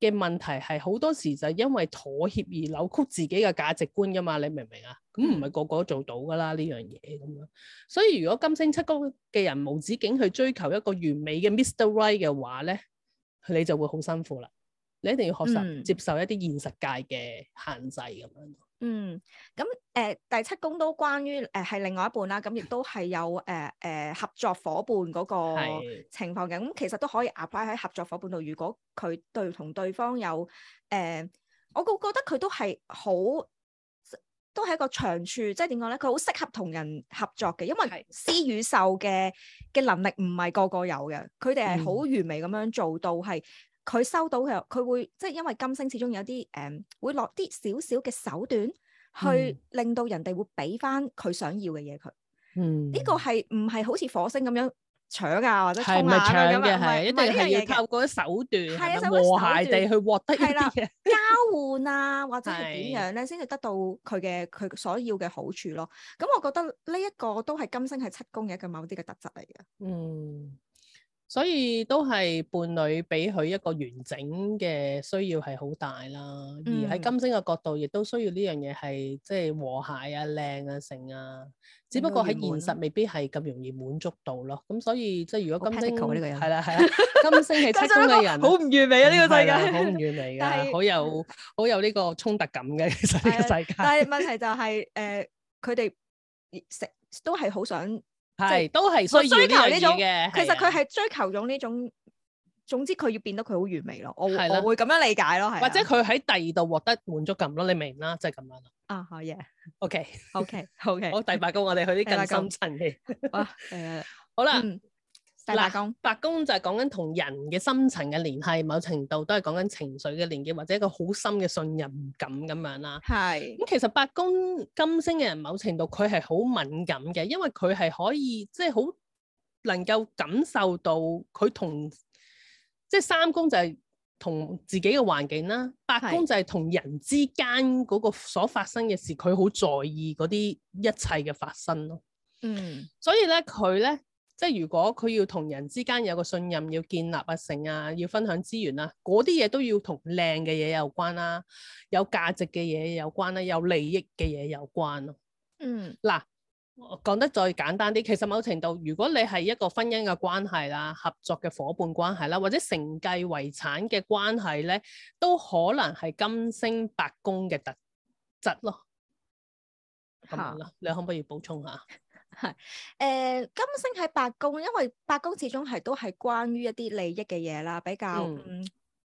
Speaker 1: 嘅問題係好多時就因為妥協而扭曲自己嘅價值觀噶嘛，你明唔明啊？咁唔係個個都做到噶啦呢樣嘢咁樣。所以如果金星七宮嘅人無止境去追求一個完美嘅 Mr. Right 嘅話咧，你就會好辛苦啦。你
Speaker 2: 一定要學習、嗯、接
Speaker 1: 受一啲現實界嘅限制咁樣。
Speaker 2: 嗯，咁誒、呃、第七宮都關於誒係、呃、另外一半啦，咁亦都係有誒誒、呃呃、合作伙伴嗰個情況嘅，咁的、嗯、其實都可以 apply 喺合作伙伴度。如果佢對同對方有誒、呃，我覺覺得佢都係好，都係一個長處，即係點講咧？佢好適合同人合作嘅，因為施與受嘅嘅能力唔係個個有嘅，佢哋係好完美咁樣做到係。的佢收到嘅，佢會即係因為金星始終有啲誒，會落啲少少嘅手段，去令到人哋會俾翻佢想要嘅嘢佢。嗯，呢個係唔係好似火星咁樣搶啊，或者衝啊咁啊？係，樣是是一定一樣嘢透過手段，和諧、啊、地去獲得一啲、啊、交換啊，或者點樣咧，先至係得到佢嘅佢所要嘅好處咯。咁我覺得呢一個都係金星係七宮嘅一個某啲嘅特質嚟嘅。嗯。
Speaker 1: 所以都係伴侶俾佢一個完整嘅需要係好大啦，嗯、而喺金星嘅角度亦都需要呢樣嘢，係即係和諧啊、靚啊、成啊。只不過喺現實未必係咁容易滿足到咯。咁、嗯嗯、所以即係如果金星係啦，係啦、啊，金星係七宮嘅人，好唔 完美啊！呢個世界好唔完美嘅、啊是，好有好有呢個衝突感嘅。其實呢個世界，
Speaker 2: 但係問題就係、是、誒，佢哋食都係好想。係，都係需要呢樣嘢嘅。其實佢係追求咗呢種，總之佢要變得佢好完美咯。我我會咁樣理解咯，係。或者
Speaker 1: 佢喺第二度獲得滿足感咯，你明啦，即係咁樣啦。
Speaker 2: 啊好
Speaker 1: 嘢，OK，OK，OK。好，第八個我哋去啲更深層嘅。
Speaker 2: 啊，誒，好啦。
Speaker 1: 八宮就係講緊同人嘅深層嘅聯繫，某程度都係講緊情緒嘅連結，或者一個好深嘅信任感咁樣啦。係是。咁、嗯、其實八宮金星嘅人，某程度佢係好敏感嘅，因為佢係可以即係好能夠感受到佢同即係、就是、三宮就係同自己嘅環境啦，八宮就係同人之間嗰個所發生嘅事，佢好是在意嗰啲一切嘅發生咯。嗯，所以咧佢咧。即係如果佢要同人之間有個信任要建立啊、成啊、要分享資源啊，嗰啲嘢都要同靚嘅嘢有關啦、啊，有價值嘅嘢有關啦、啊，有利益嘅嘢有關咯、啊。嗯，嗱，我講得再簡單啲，其實某程度如果你係一個婚姻嘅關係啦、合作嘅伙伴關係啦，或者承繼遺產嘅關係咧，都可能係金星八宮嘅特質咯。嚇、嗯！你可唔可以補充下？
Speaker 2: 係，誒、呃、金星喺八宮，因為八宮始終係都係關於一啲利益嘅嘢啦，比較嗯，嗯，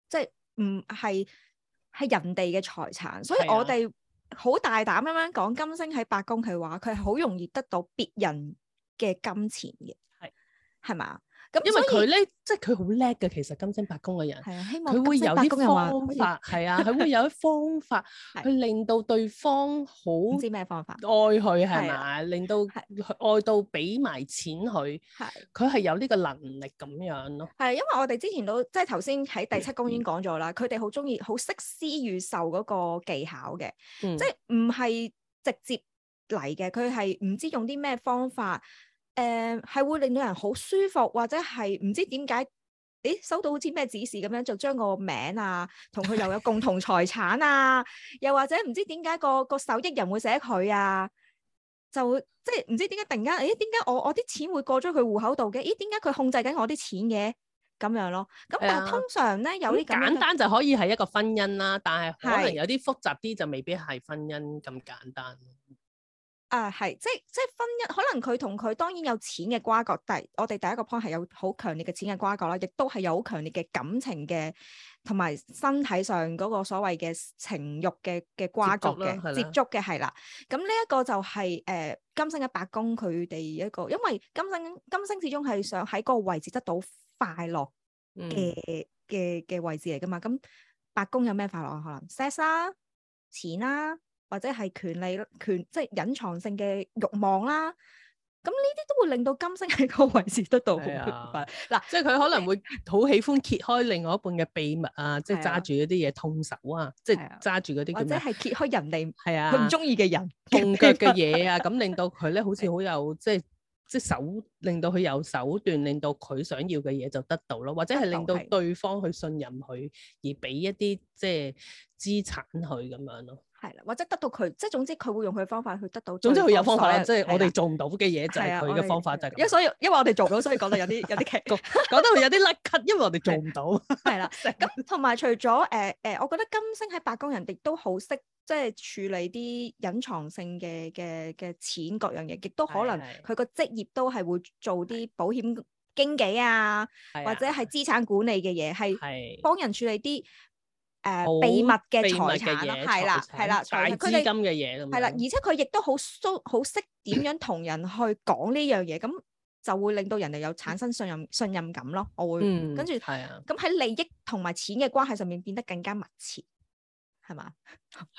Speaker 2: 即係唔係係人哋嘅財產，所以我哋好大膽咁樣講金星喺八宮佢話佢係好容易得到別人嘅金錢嘅，係係嘛？因為佢咧，即係佢好叻嘅。其實金星八宮嘅人，佢會有啲方法，係啊，佢會有啲
Speaker 1: 方法去令到對方好。唔知咩方法？愛佢係嘛？令到愛到俾埋錢佢。係。佢係有呢個能
Speaker 2: 力咁樣咯。係，因為我哋之前都即係頭先喺第七宮已經講咗啦。佢哋好中意、好識施與受嗰個技巧嘅，即係唔係直接嚟嘅。佢係唔知用啲咩方法。誒係、呃、會令到人好舒服，或者係唔知點解，咦，收到好似咩指示咁樣，就將個名啊，同佢又有共同財產啊， 又或者唔知點解個個受益人會寫佢啊，就即係唔知點解突然間，咦？點解我我啲錢會過咗佢戶口度嘅？咦？點解佢控制緊我啲錢嘅？咁樣咯。咁的但係通常咧有啲簡單就
Speaker 1: 可以係一個婚姻啦，的但係可能有啲複雜啲就未必係婚姻咁簡單。
Speaker 2: 啊，係，即係即係婚姻，可能佢同佢當然有錢嘅瓜葛，但係我哋第一個 point 係有好強烈嘅錢嘅瓜葛啦，亦都係有好強烈嘅感情嘅，同埋身體上嗰個所謂嘅情欲嘅嘅瓜葛嘅接觸嘅係啦，咁呢一個就係、是、誒、呃、金星嘅八宮佢哋一個，因為金星金星始終係想喺個位置得到快樂嘅嘅嘅位置嚟噶嘛，咁八宮有咩快樂啊？可能 sex 啊，錢啦、啊。或者係權利權，即係隱藏性嘅欲望啦。咁呢啲都會令到金星喺個位置得
Speaker 1: 到好。嗱，即係佢可能會好喜歡揭開另外一半嘅秘密啊，即係揸住嗰啲嘢痛手啊，即係揸住嗰啲。或者係揭開人哋係啊，佢唔中意嘅人痛腳嘅嘢啊，咁令到佢咧好似好有即係即係手，令到佢有手段，令到佢想要嘅嘢就得到咯，或者係令到對方去信任佢，而俾一啲即係資產佢咁樣咯。
Speaker 2: 或者得到佢，即係總之佢會用佢嘅方法去得到。總之佢有方法啦，的即係我哋
Speaker 1: 做唔到嘅嘢就係佢嘅方法的們就係。因
Speaker 2: 所以因為我哋做到，所
Speaker 1: 以講到有啲有啲劇局，講 得佢有啲甩咳， 因為我哋做唔到。係
Speaker 2: 啦的，同埋 除咗誒誒，我覺得金星喺八宮，人哋都好識即係處理啲隱藏性嘅嘅嘅錢各樣嘢，亦都可能佢個職業都係會做啲保險經紀啊，的或者係資產管理嘅嘢，係幫人處理啲。誒，秘密嘅財產咯，係啦，係啦，大資金嘅嘢。係啦，而且佢亦都好收好識點樣同人去講呢樣嘢，咁就會令到人哋有產生信任信任感咯。我會跟住咁喺利益同埋錢嘅關係上面變得更加密切，係嘛？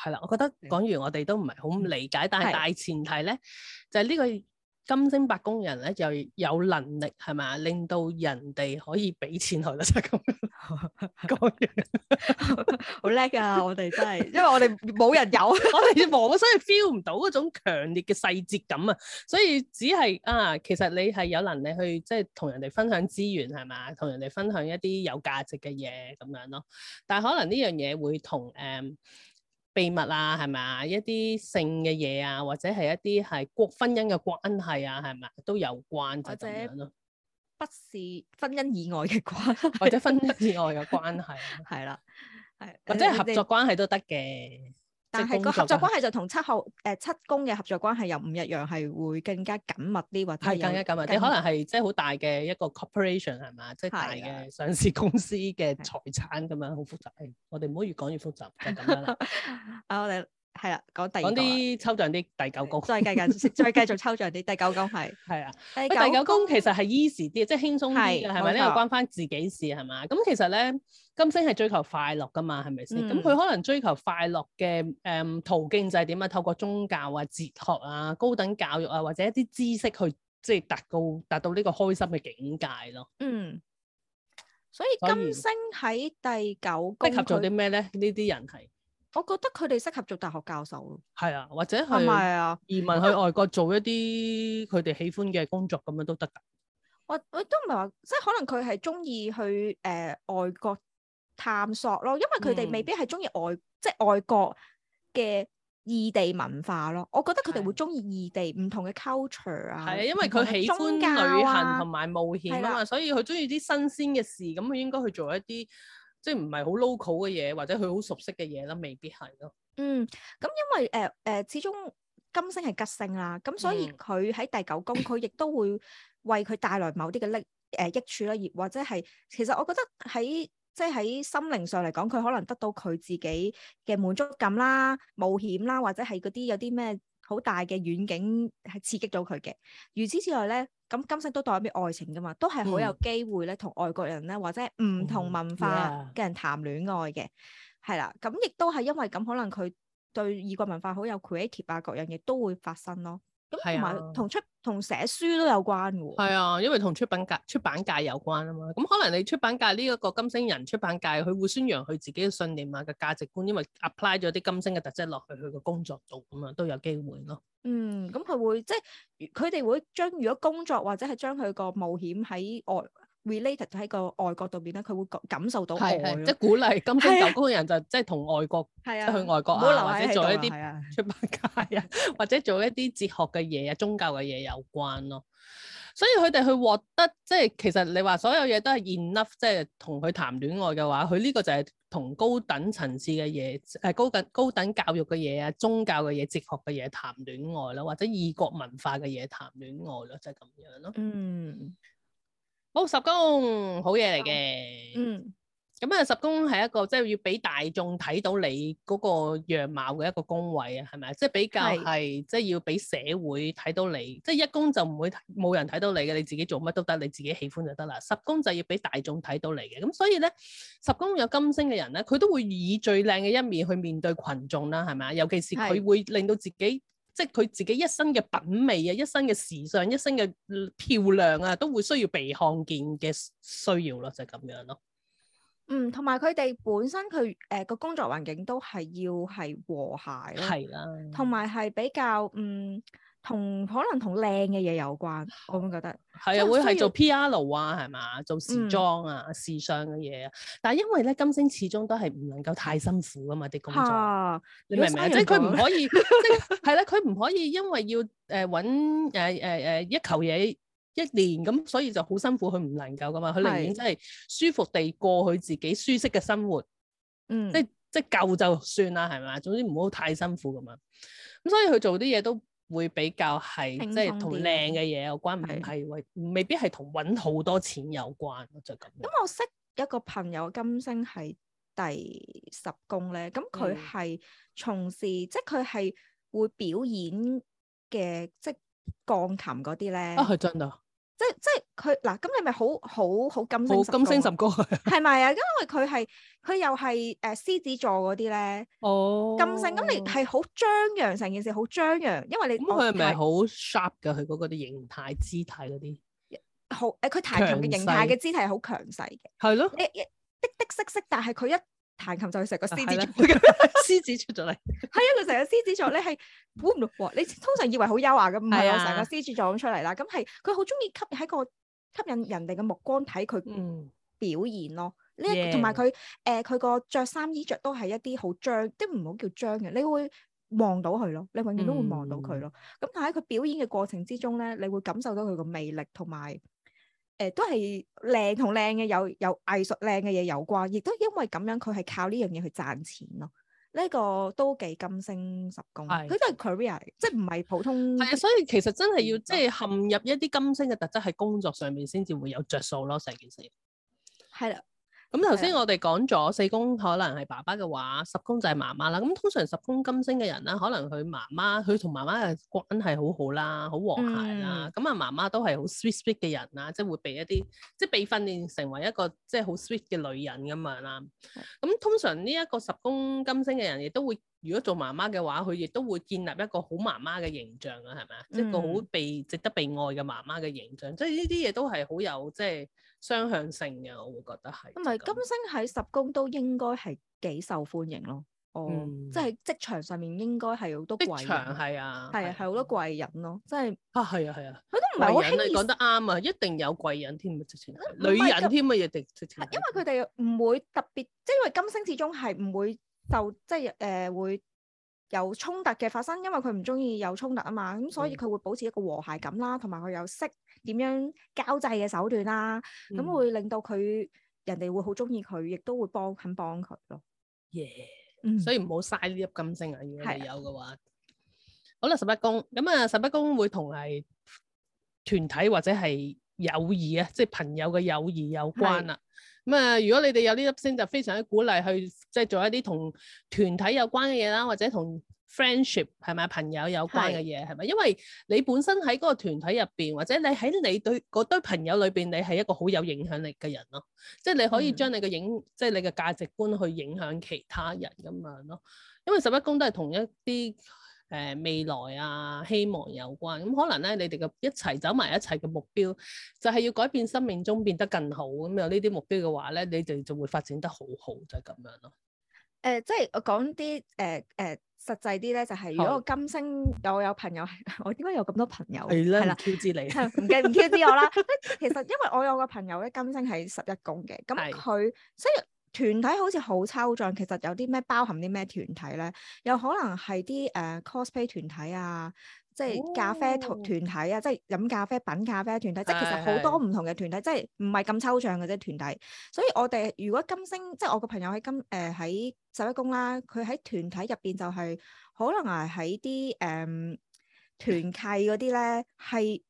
Speaker 2: 係啦，我覺得講完我哋都唔係好理解，但係大
Speaker 1: 前提咧就係呢個。金星八宮人咧就有，有能力係嘛，令到人哋可以俾錢佢咯，就咁講嘢，好叻㗎！我哋真係，因為我哋冇人有， 我哋網所以 feel 唔到嗰種強烈嘅細節感啊，所以只係啊，其實你係有能力去即係同人哋分享資源係嘛，同人哋分享一啲有價值嘅嘢咁樣咯，但係可能呢樣嘢會同誒。Um, 秘密啊，係咪啊？一啲性嘅嘢啊，或者係一啲係國婚姻嘅關係啊，係咪都有關就咁樣咯？不是婚姻以外嘅關， 或者婚姻以外嘅關係、啊，係啦 了，係
Speaker 2: 或者係合作關
Speaker 1: 係都得嘅。
Speaker 2: 但係個合作關係，作關係就同七號誒、呃、七宮嘅合作關係又唔一樣，係會更加緊密啲，或者係更，更加緊密，你可能係即係好大嘅
Speaker 1: 一個 corporation 係嘛，即係大嘅
Speaker 2: 上市公
Speaker 1: 司嘅財產咁樣，好的複雜。欸、我哋唔好越講越複雜，就咁
Speaker 2: 樣啦。啊， 我哋。係啦，講第講
Speaker 1: 啲抽象啲第九宮， 再計計，再繼續抽象啲第九宮係係啊，第九宮 的其實係 easy 啲， 即係輕鬆啲，係咪呢？有關翻自己事係嘛？咁其實咧，金星係追求快樂噶嘛，係咪先？咁佢、嗯、可能追求快樂嘅誒途徑就係點啊？透過宗教啊、哲學啊、高等教育啊，或者一啲知識去即係達高，達到呢個開心嘅境界咯。嗯，
Speaker 2: 所以金星喺第九宮，合做啲咩咧？呢啲人係。我覺得佢哋適合做大學教授咯，
Speaker 1: 係啊，或者去、啊、移民去外國做一啲佢哋喜歡嘅工作咁樣都得㗎。
Speaker 2: 我我都唔係話，即係可能佢係中意去誒、呃、外國探索咯，因為佢哋未必係中意外、嗯、即係外國嘅異地文化咯。我覺得佢哋會中意異地唔同嘅 culture 啊。係啊、啊，因為佢喜歡旅行同
Speaker 1: 埋冒險啊嘛、啊啊，所以佢中意啲新鮮嘅事，咁佢應該去做一啲。即係唔係好 local 嘅嘢，或者佢好熟悉嘅嘢咧，未必係咯。嗯，
Speaker 2: 咁因為誒誒、呃呃，始終金星係吉星啦，咁所以佢喺第九宮，佢亦都會為佢帶來某啲嘅利誒益處啦，而或者係，其實我覺得喺即係喺心靈上嚟講，佢可能得到佢自己嘅滿足感啦、冒險啦，或者係嗰啲有啲咩？好大嘅遠景係刺激到佢嘅。如此之外咧，咁金星都代表咩愛情㗎嘛，都係好有機會咧同外國人咧或者唔同文化嘅人談戀愛嘅，係啦、嗯。咁的亦都係因為咁，可能佢對異國文化好有 creative 啊，各樣嘢都會發生咯。咁同同出同寫書都有關嘅喎，係啊，
Speaker 1: 因為同出版界出版界有關啊嘛。咁、嗯、可能你出版界呢一、這個金星人出版界，佢會宣揚佢自己嘅信念啊嘅價值觀，因為 apply 咗啲金星嘅特質落去佢個工作度咁樣，都有機會咯。
Speaker 2: 嗯，咁、嗯、佢會即係佢哋會將如果工作或者係將佢個冒險喺外。related 喺個外國度面咧，佢會感受到愛，即係鼓勵。金星九宮
Speaker 1: 嘅人就即係同外國，即係去外國啊，或者做一啲
Speaker 2: 出版界啊，或者
Speaker 1: 做一啲哲學嘅嘢啊、宗教嘅嘢有關咯。所以佢哋去獲得即係其實你話所有嘢都係 enough，即係同佢談戀愛嘅話，佢呢個就係同高等層次嘅嘢，係高等高等教育嘅嘢啊、宗教嘅嘢、哲學嘅嘢談戀愛咯，或者異國文化嘅嘢談戀愛咯，就係咁樣咯。嗯。.好，十宮好嘢嚟嘅，嗯，咁啊、嗯、十宮係一個即係、就是、要俾大眾睇到你嗰個樣貌嘅一個宮位啊，係咪？即、就、係、是、比較係，即係是要俾社會睇到你，即、就、係、是、一宮就唔會冇人睇到你嘅，你自己做乜都得，你自己喜歡就得啦。十宮就要俾大眾睇到你嘅，咁所以咧，十宮有金星嘅人咧，佢都會以最靚嘅一面去面對群眾啦，係咪啊？尤其是佢會令到自己。即係佢自己一生嘅品味啊，一生嘅時尚，一生嘅漂亮啊，都會需要被看見嘅需要咯，就係咁樣咯。
Speaker 2: 嗯，同埋佢哋本身佢誒個工作環境都係要係和諧咯，係啦，同埋係比較嗯。同可能同靚嘅嘢有關，我會覺得係啊，以會係做 P.R.
Speaker 1: 啊，係嘛做時裝啊、嗯、時尚嘅嘢啊。但係因為咧，金星始終都係唔能夠太辛苦噶嘛啲工作，啊、你明唔明？即係佢唔可以， 即係咧，佢唔可以因為要誒搵誒誒誒一球嘢一年咁，所以就好辛苦，佢唔能夠噶嘛。佢寧願真係舒服地過佢自己舒適嘅生活，嗯，即即舊就算啦，係咪。總之唔好太辛苦咁樣咁，所以佢做啲嘢都。會比較係即係同靚嘅嘢有關，唔係為未必係同搵好多錢有關就咁，是。
Speaker 2: 咁我識一個朋友金星係第十宮咧，咁佢係從事、嗯、即係佢係會表演嘅，即係鋼琴嗰啲咧。啊，係真啊！即即佢，嗱，咁你咪好好好金星金星神歌係咪啊？因為佢係佢，又係誒獅子座嗰啲咧，哦、金星咁你係好張揚，成件事好張揚，因為你，咁佢係咪好
Speaker 1: sharp 嘅？佢嗰個啲形態姿態嗰啲
Speaker 2: 好誒佢抬頭嘅形態嘅姿態好強勢嘅係咯，滴滴聲聲，但係佢一。彈琴就去成個獅子座嘅、啊、 獅子出咗嚟， 係啊，佢成個獅子座咧，係估唔到喎。你通常以為好優雅嘅，唔係我成個獅子撞出嚟啦。咁係佢好中意吸引，喺個吸引人哋嘅目光睇佢表現咯。呢、嗯呃、一，同埋佢誒，佢個着衫衣着都係一啲好張，即唔好叫張嘅。你會望到佢咯，你永遠都會望到佢咯。咁但係佢表演嘅過程之中咧，你會感受到佢個魅力同埋。誒、呃、都係靚同靚嘅有有藝術靚嘅嘢有關，亦都因為咁樣佢係靠呢樣嘢去賺錢咯。呢、這個都幾金星十宮，佢的都係 career，即係唔
Speaker 1: 係普通。係啊，所以其實真係要即係陷入一啲金星嘅特質喺工作上面先至會有着數咯，成件事。係啦。咁頭先我哋講咗四宮可能係爸爸嘅話，十宮就係媽媽啦。咁通常十宮金星嘅人啦，可能佢媽媽佢同媽媽嘅關係好好啦，好和諧啦。咁啊、嗯、媽媽都係好 sweet sweet 嘅人啦，即係會被一啲即係被訓練成為一個即係好 sweet 嘅女人咁樣啦。咁的通常呢一個十宮金星嘅人亦都會。如果做媽媽嘅話，佢亦都會建立一個好媽媽嘅形象啊，係咪啊？即係、嗯、個好被值得被愛嘅媽媽嘅形象，即係呢啲嘢都係好有即係雙向性嘅，我會覺得係。唔、就、係、是、
Speaker 2: 金星喺十宮都應該係幾受歡迎咯，哦，嗯、即係職場上面應該係好多貴人。職場係啊，係啊，係好、啊、多貴人咯，即係。啊，係啊，係啊。佢、啊、都唔係好興，你講得
Speaker 1: 啱啊，一定有貴人添，咪直情。女人添，咪亦直情。
Speaker 2: 因為佢哋唔會特別，即係因為金星始終係唔會。就即係誒、呃、會有衝突嘅發生，因為佢唔中意有衝突啊嘛，咁所以佢會保持一個和諧感啦，同埋佢又識點樣交際嘅手段啦，咁、嗯、會令到佢人哋會好中意佢，亦都會幫肯幫佢咯。耶
Speaker 1: Yeah,、嗯，所
Speaker 2: 以唔好嘥呢粒金星啊，如果係有嘅話。
Speaker 1: 的好啦，十一宮，咁啊，十一宮會同係團體或者係友誼啊，即、就、係、是、朋友嘅友誼有關啦、啊。咁啊，如果你哋有呢粒星，就非常之鼓勵去即係做一啲同團體有關嘅嘢啦，或者同 friendship 係咪朋友有關嘅嘢係咪？因為你本身喺嗰個團體入邊，或者你喺你對嗰堆朋友裏邊，你係一個好有影響力嘅人咯。即係你可以將你嘅影，嗯、即係你嘅價值觀去影響其他人咁樣咯。因為十一宮都係同一啲。誒，未來啊，希望有關咁、嗯，可能咧，你哋嘅一齊走埋一齊嘅目標，就係、是、要改變生命中變得更好。咁有呢啲目標嘅話咧，你哋就會發展得好好，就係、是、咁樣咯。
Speaker 2: 誒、呃，即係我講啲誒誒實際啲咧，就係如果個金星，我好有朋友，我點解有咁多朋友係啦？Q 知你，唔的記唔 Q 知我啦。 其實因為我有個朋友咧，金星係十一宮嘅，咁佢的所以。所以所以所以所以團體好似好抽象，其實有啲咩包含啲咩團體咧？有可能係啲誒 cosplay 團體啊，即係咖啡團團體啊，oh. 即係飲咖啡品咖啡團體，oh. 即係其實好多唔同嘅團體，oh. 即係唔係咁抽象嘅啫。團體，所以我哋如果金星，即係我個朋友喺金誒喺十一宮啦，佢喺團體入邊就係、係、可能係喺啲誒團契嗰啲咧，係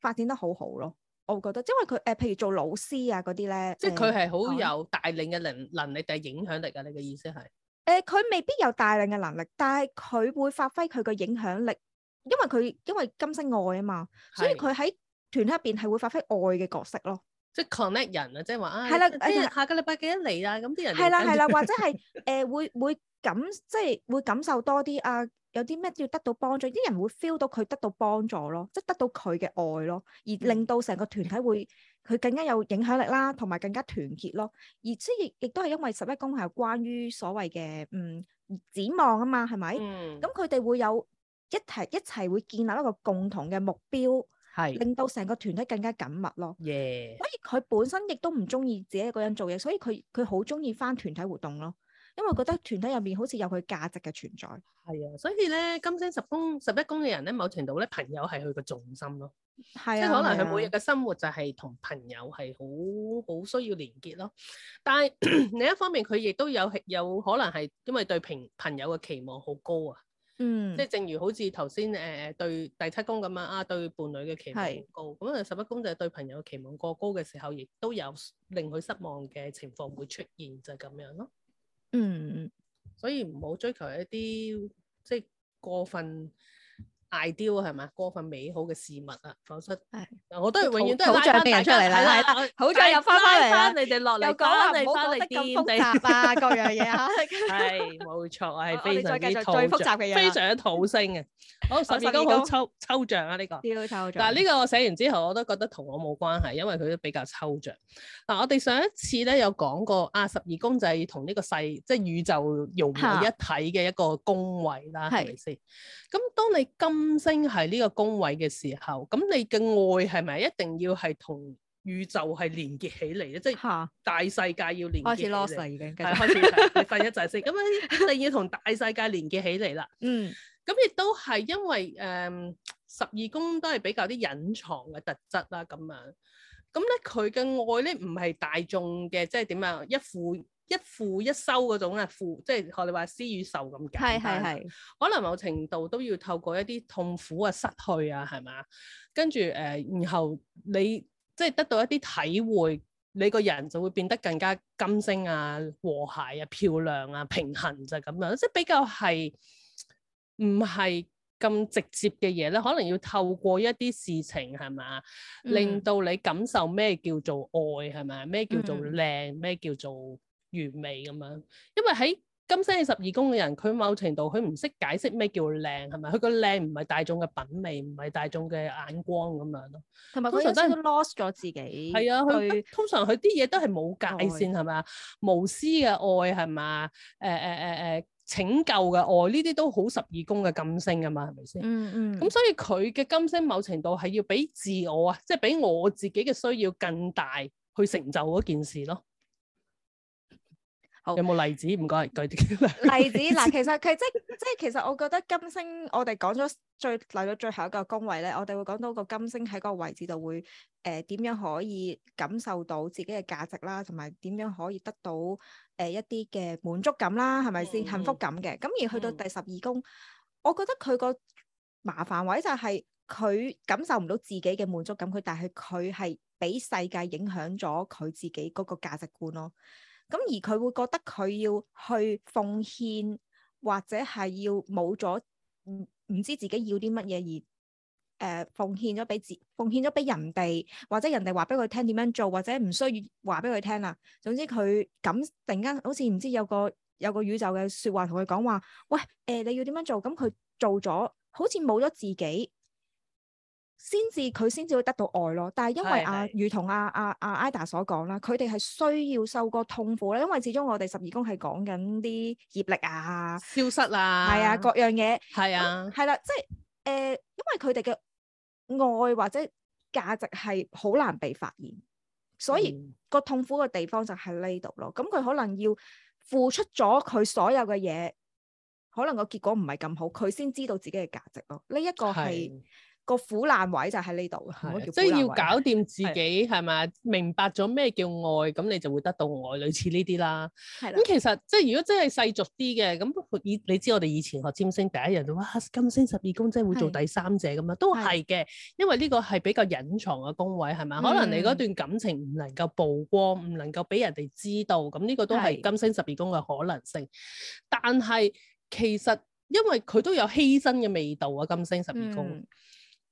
Speaker 2: 發展得好好咯。我覺得，因為佢誒，譬如做老師啊嗰啲咧，呢即係佢係好有
Speaker 1: 帶領嘅能能力定係影響力啊？你嘅意思係？
Speaker 2: 誒、呃，佢未必有帶領嘅能力，但係佢會發揮佢嘅影響力，因為佢因為金星愛啊嘛，是所以佢喺團體入邊係會發揮愛嘅角色咯。
Speaker 1: 即係 connect 人啊，即係話啊，哎、係啦即係下個禮拜幾多嚟啊？咁啲人係啦係啦，或者係
Speaker 2: 誒、呃、會會感即係會感受多啲啊，有啲咩要得到幫助，啲人會 feel 到佢得到幫助咯，即係得到佢嘅愛咯，而令到成個團體會佢更加有影響力啦，同埋更加團結咯。而即亦亦都係因為十一宮係關於所謂嘅嗯展望啊嘛，係咪？咁佢哋會有一齊一齊會建立一個共同嘅目標。係，是令到成個團體更加緊密咯。
Speaker 1: Yeah. 所
Speaker 2: 以佢本身亦都唔中意自己一個人做嘢，所以佢佢好中意返團體活動咯。因為覺得團體入面好似有佢價值嘅存在。係啊，所以咧金星十宮十一宮嘅人咧，
Speaker 1: 某程度咧朋友係佢個重心咯。
Speaker 2: 係啊，即係可能佢每日
Speaker 1: 嘅生活就係同朋友係好好需要連結咯。但係 另一方面，佢亦都有有可能係因為對朋朋友嘅期望好高啊。嗯，即係正如好似頭先誒對第七宮咁啊，對伴侶嘅期望高，咁啊十一宮就係對朋友期望過高嘅時候，亦都有令佢失望嘅情況會出現，就係、是、咁樣咯。嗯，所以唔好追求一啲即係過分。大雕係咪？過份美好嘅事物啊，否則係，我都係永遠都係好著返出嚟啦，好在又返返嚟，你哋落嚟又講你唔好講得咁複雜各樣嘢嚇，係冇錯，我係非常之複雜嘅嘢。非常土星嘅。好，十二宮好抽抽象啊，呢個抽象，但係呢個我寫完之後我都覺得同我冇關係，因為佢都比較抽象。嗱，我哋上一次咧有講過啊，十二宮就係同呢個世即係宇宙融為一體嘅一個宮位啦，係咪先？咁當你今金星係呢個宮位嘅時候，咁你嘅愛係咪一定要係同宇宙係連結起嚟咧？即係、啊、大世界要連結，開始囉嗦，已係開始瞓一陣先。咁咧 一定要同大世界連結起嚟啦、嗯。嗯，咁亦都係因為誒十二宮都係比較啲隱藏嘅特質啦，咁樣。咁咧佢嘅愛咧唔係大眾嘅，即係點啊一副。一付一收嗰種啊，付即係學你話施與受咁解。係係係。可能某程度都要透過一啲痛苦啊、失去啊，係嘛？跟住誒、呃，然後你即係得到一啲體會，你個人就會變得更加金星啊、和諧啊、漂亮啊、平衡就係咁樣，即係比較係唔係咁直接嘅嘢咧？可能要透過一啲事情係嘛，
Speaker 2: 嗯、令到
Speaker 1: 你感受咩叫做愛係嘛？咩叫做靚？咩、嗯、叫，叫做？完美咁樣，因為喺金星係十二宮嘅人，佢某程度佢唔識解釋咩叫靚，係咪？佢個靚唔係大眾嘅品味，唔係大眾嘅眼光咁樣咯。
Speaker 2: 同埋真係都 lost 咗自己。係他啊，佢
Speaker 1: 他通常佢啲嘢都係冇界線，係咪啊？無私嘅愛係咪？誒誒誒誒，拯救嘅愛呢啲都好十二宮嘅金星啊嘛，係咪先？嗯嗯。咁所以佢嘅金星某程度係要比自我啊，即係比我自己嘅需要更大去成就嗰件事咯。有冇好例子？唔該舉
Speaker 2: 例子嗱，其實佢即即係其實我覺得金星，我哋講咗最嚟到最後一個宮位咧，我哋會講到個金星喺個位置度會誒呃、點樣可以感受到自己嘅價值啦，同埋點樣可以得到誒、呃、一啲嘅滿足感啦，係咪先幸福感嘅？咁而去到第十二宮，嗯、我覺得佢個麻煩位就係佢感受唔到自己嘅滿足感，佢但係佢係俾世界影響咗佢自己嗰個價值觀咯。咁而佢會覺得佢要去奉獻，或者係要冇咗唔唔知自己要啲乜嘢而誒奉獻咗俾自奉獻咗俾人哋，或者人哋話俾佢聽點樣做，或者唔需要話俾佢聽啦。總之佢咁突然間好似唔知有個有個宇宙嘅説話同佢講話，喂誒、呃、你要點樣做？咁佢做咗好似冇咗自己。先至佢先至會得到愛咯，但係因為阿、啊、如的同阿阿阿 ida 所講啦，佢哋係需要受過痛苦咧，因為始終我哋十二宮係講緊啲業力啊、消失啊、係啊各樣嘢，係啊的，係啦，即係誒、呃，因為佢哋嘅愛或者價值係好難被發現，所以個痛苦嘅地方就喺呢度咯。咁佢、嗯、可能要付出咗佢所有嘅嘢，可能個結果唔係咁好，佢先知道自己嘅價值咯。呢一個係。個苦難位就喺呢度，的即係要搞
Speaker 1: 掂自己係嘛的，明白咗咩叫愛，咁的你就會得到愛。類似呢啲啦，咁的、嗯、其實即係如果真係世俗啲嘅，咁以你，你知我哋以前學占星第一人，哇金星十二宮真係會做第三者咁啊，的都係嘅，因為呢個係比較隱藏嘅宮位係咪？可能你嗰段感情唔能夠曝光，唔、嗯、能夠俾人哋知道，咁呢個都係金星十二宮嘅可能性。的但係其實因為佢都有犧牲嘅味道啊，金星十二宮。嗯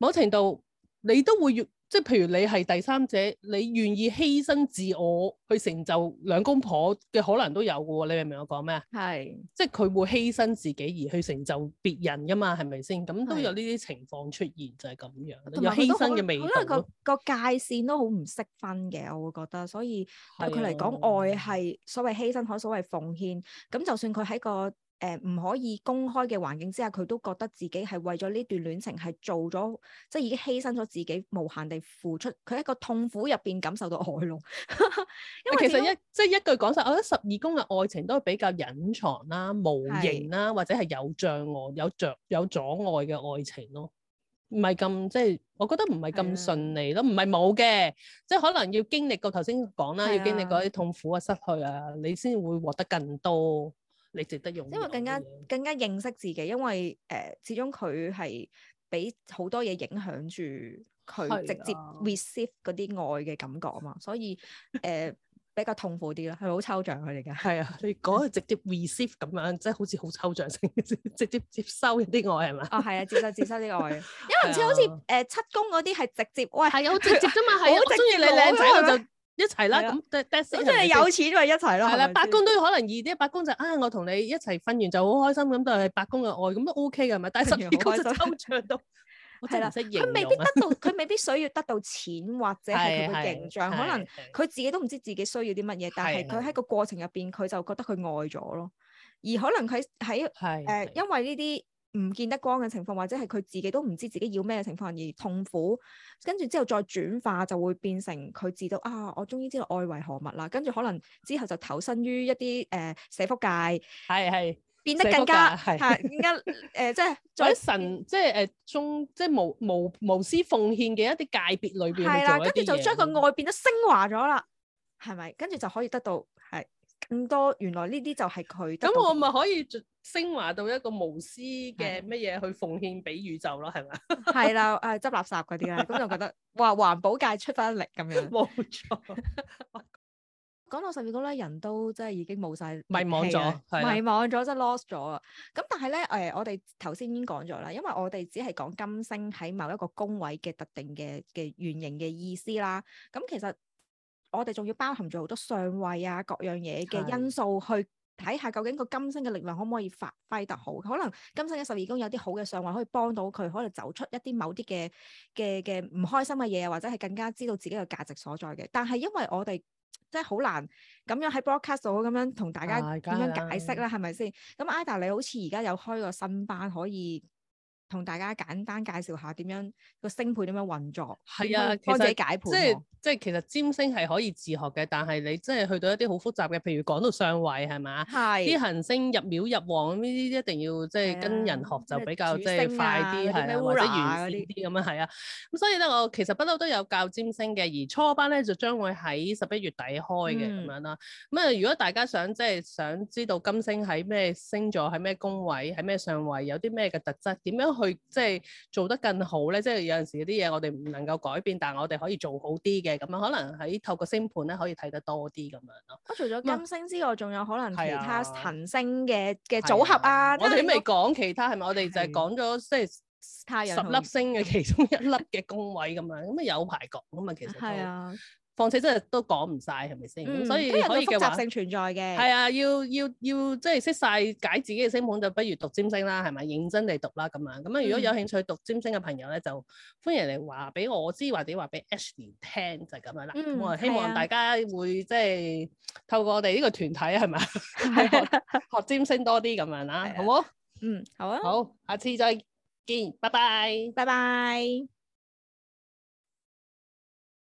Speaker 1: 某程度你都會越，即係譬如你係第三者，你願意犧牲自我去成就兩公婆嘅可能都有嘅喎，你明唔明我講咩啊？係是，即係佢會犧牲自己而去成就別人噶嘛，係咪先？咁都有呢啲情況出現是就係咁樣，有犧牲嘅味道。可能個,個,
Speaker 2: 個界線都好唔識分嘅，我會覺得，所以對佢嚟講，啊、愛係所謂犧牲，可所謂奉獻，咁就算佢喺個。誒唔、呃、可以公開嘅環境之下，佢都覺得自己係為咗呢段戀情係做咗，即係已經犧牲咗自己，無限地付出。佢喺一個痛苦入邊感受到愛咯。 因為正其實一即係一句講晒，我覺得十二宮嘅愛情都係比較隱藏
Speaker 1: 啦、啊、無形啦、啊，是或者係有障礙、有障有阻礙嘅愛情咯。唔係咁即係，我覺得唔係咁順利咯。唔係冇嘅，即係可能要經歷過頭先講啦，要經歷過啲痛苦啊、失去啊，你先會獲得更多。
Speaker 2: 你值得用，因為更加更加認識自己，因為誒、呃、始終佢係俾好多嘢影響住佢直接 receive 嗰啲愛嘅感覺啊嘛，啊所以誒、呃、比較痛苦啲咯，係咪好抽象佢哋嘅？係啊，你講直接 receive 咁
Speaker 1: 樣， 即係好似好抽象性，直接接收啲愛係嘛？哦，係啊，接收接收啲愛，因為唔似好似誒、
Speaker 2: 呃、七公嗰啲係直接喂係啊，好她直接啫嘛，啊、我中意你你靚仔就。
Speaker 1: 一齊啦，咁即係有錢咪一齊咯。係啦，八宮都可能易啲，八宮就啊，我同你一齊瞓完就好開心咁，都係八宮嘅愛，咁都 OK 嘅，係咪？但係十二宮就抽象到係
Speaker 2: 啦。佢未必得到，佢未必需要得到錢或者係佢嘅形象，可能佢自己都唔知自己需要啲乜嘢，但係佢喺個過程入邊，佢就覺得佢愛咗咯。而可能佢喺誒，因為呢啲唔見得光嘅情況，或者係佢自己都唔知自己要咩情況而痛苦，跟住之後再轉化就會變成佢知道啊，我終於知道愛為何物啦。跟住可能之後就投身於一啲誒、呃、社福界，係係是變得更加係更加誒，即係在神即係誒忠即係無無無,無私奉獻嘅一啲界別裏邊。係啦、啊，跟住就將個愛變得升華咗啦，係咪？跟住就可以得到係。咁多，原來呢啲就係佢。咁我咪
Speaker 1: 可以昇華到一個無私嘅乜嘢去奉獻俾宇宙咯，係咪 啊？
Speaker 2: 係啦，誒執垃圾嗰啲啦，咁就覺得哇，環保界出翻力咁樣。冇沒錯。講 到十二宮咧，人都真係已經冇晒，迷惘咗，迷惘咗，真係 lost 咗啊！咁但係咧，誒、呃、我哋頭先已經講咗啦，因為我哋只係講金星喺某一個宮位嘅特定嘅嘅原型嘅意思啦，咁其實，我哋仲要包含咗好多相位啊，各樣嘢嘅因素是去睇下，究竟個金星嘅力量可唔可以發揮得好？可能金星嘅十二宮有啲好嘅相位可以幫到佢，可能走出一啲某啲嘅嘅嘅唔開心嘅嘢，或者係更加知道自己嘅價值所在嘅。但係因為我哋即係好難咁樣喺 broadcast 度咁樣同大家點、啊、樣解釋啦，係咪先？咁 ida 你好似而家有開個新班可以。同大家簡單介紹下點樣個星盤點樣運作，係啊，自樣其實自己
Speaker 1: 解即係即係其實占星係可以自學嘅，但係你真係去到一啲好複雜嘅，譬如講到上位係嘛，啲、啊、行星入廟入旺咁呢啲一定要即係跟人學、啊、就比較、啊、即係快啲係啦，啊、或者原始啲咁樣係啊。咁、嗯、所以咧，我其實不嬲都有教占星嘅，而初班咧就將會喺十一月底開嘅咁、嗯、樣啦。咁、嗯、啊，如果大家想即係想知道金星喺咩星座、喺咩宮位、喺咩上，上位，有啲咩嘅特質，點樣？去即係做得更好咧，即係有陣時啲嘢我哋唔能夠改變，但係我哋可以做好啲嘅。咁樣可能喺透過星盤咧，可以睇得多啲咁樣咯、
Speaker 2: 啊。除咗金星之外，仲有可能其他行星嘅嘅、啊、組合啊。啊是我哋未
Speaker 1: 講其他，係咪、啊？我哋就係講咗即係太陽十粒星嘅其中一粒嘅宮位咁樣，咁啊有排講咁嘛？其實。放射真係都講唔晒，係咪先？所以可以話，係啊，要要要即係識晒解自己嘅星盤，就不如讀尖星啦，係咪？認真地讀啦咁樣。咁啊，如果有興趣讀尖星嘅朋友咧、嗯，Ready? 就歡迎你話俾我知，或者話俾 H 年聽就係咁樣啦。我希望大家會即係、就是、透過我哋呢個團體係嘛，是是 哈哈 學尖星多
Speaker 2: 啲咁樣啦，好唔好？嗯，好啊。好，下次再見，拜拜，拜拜。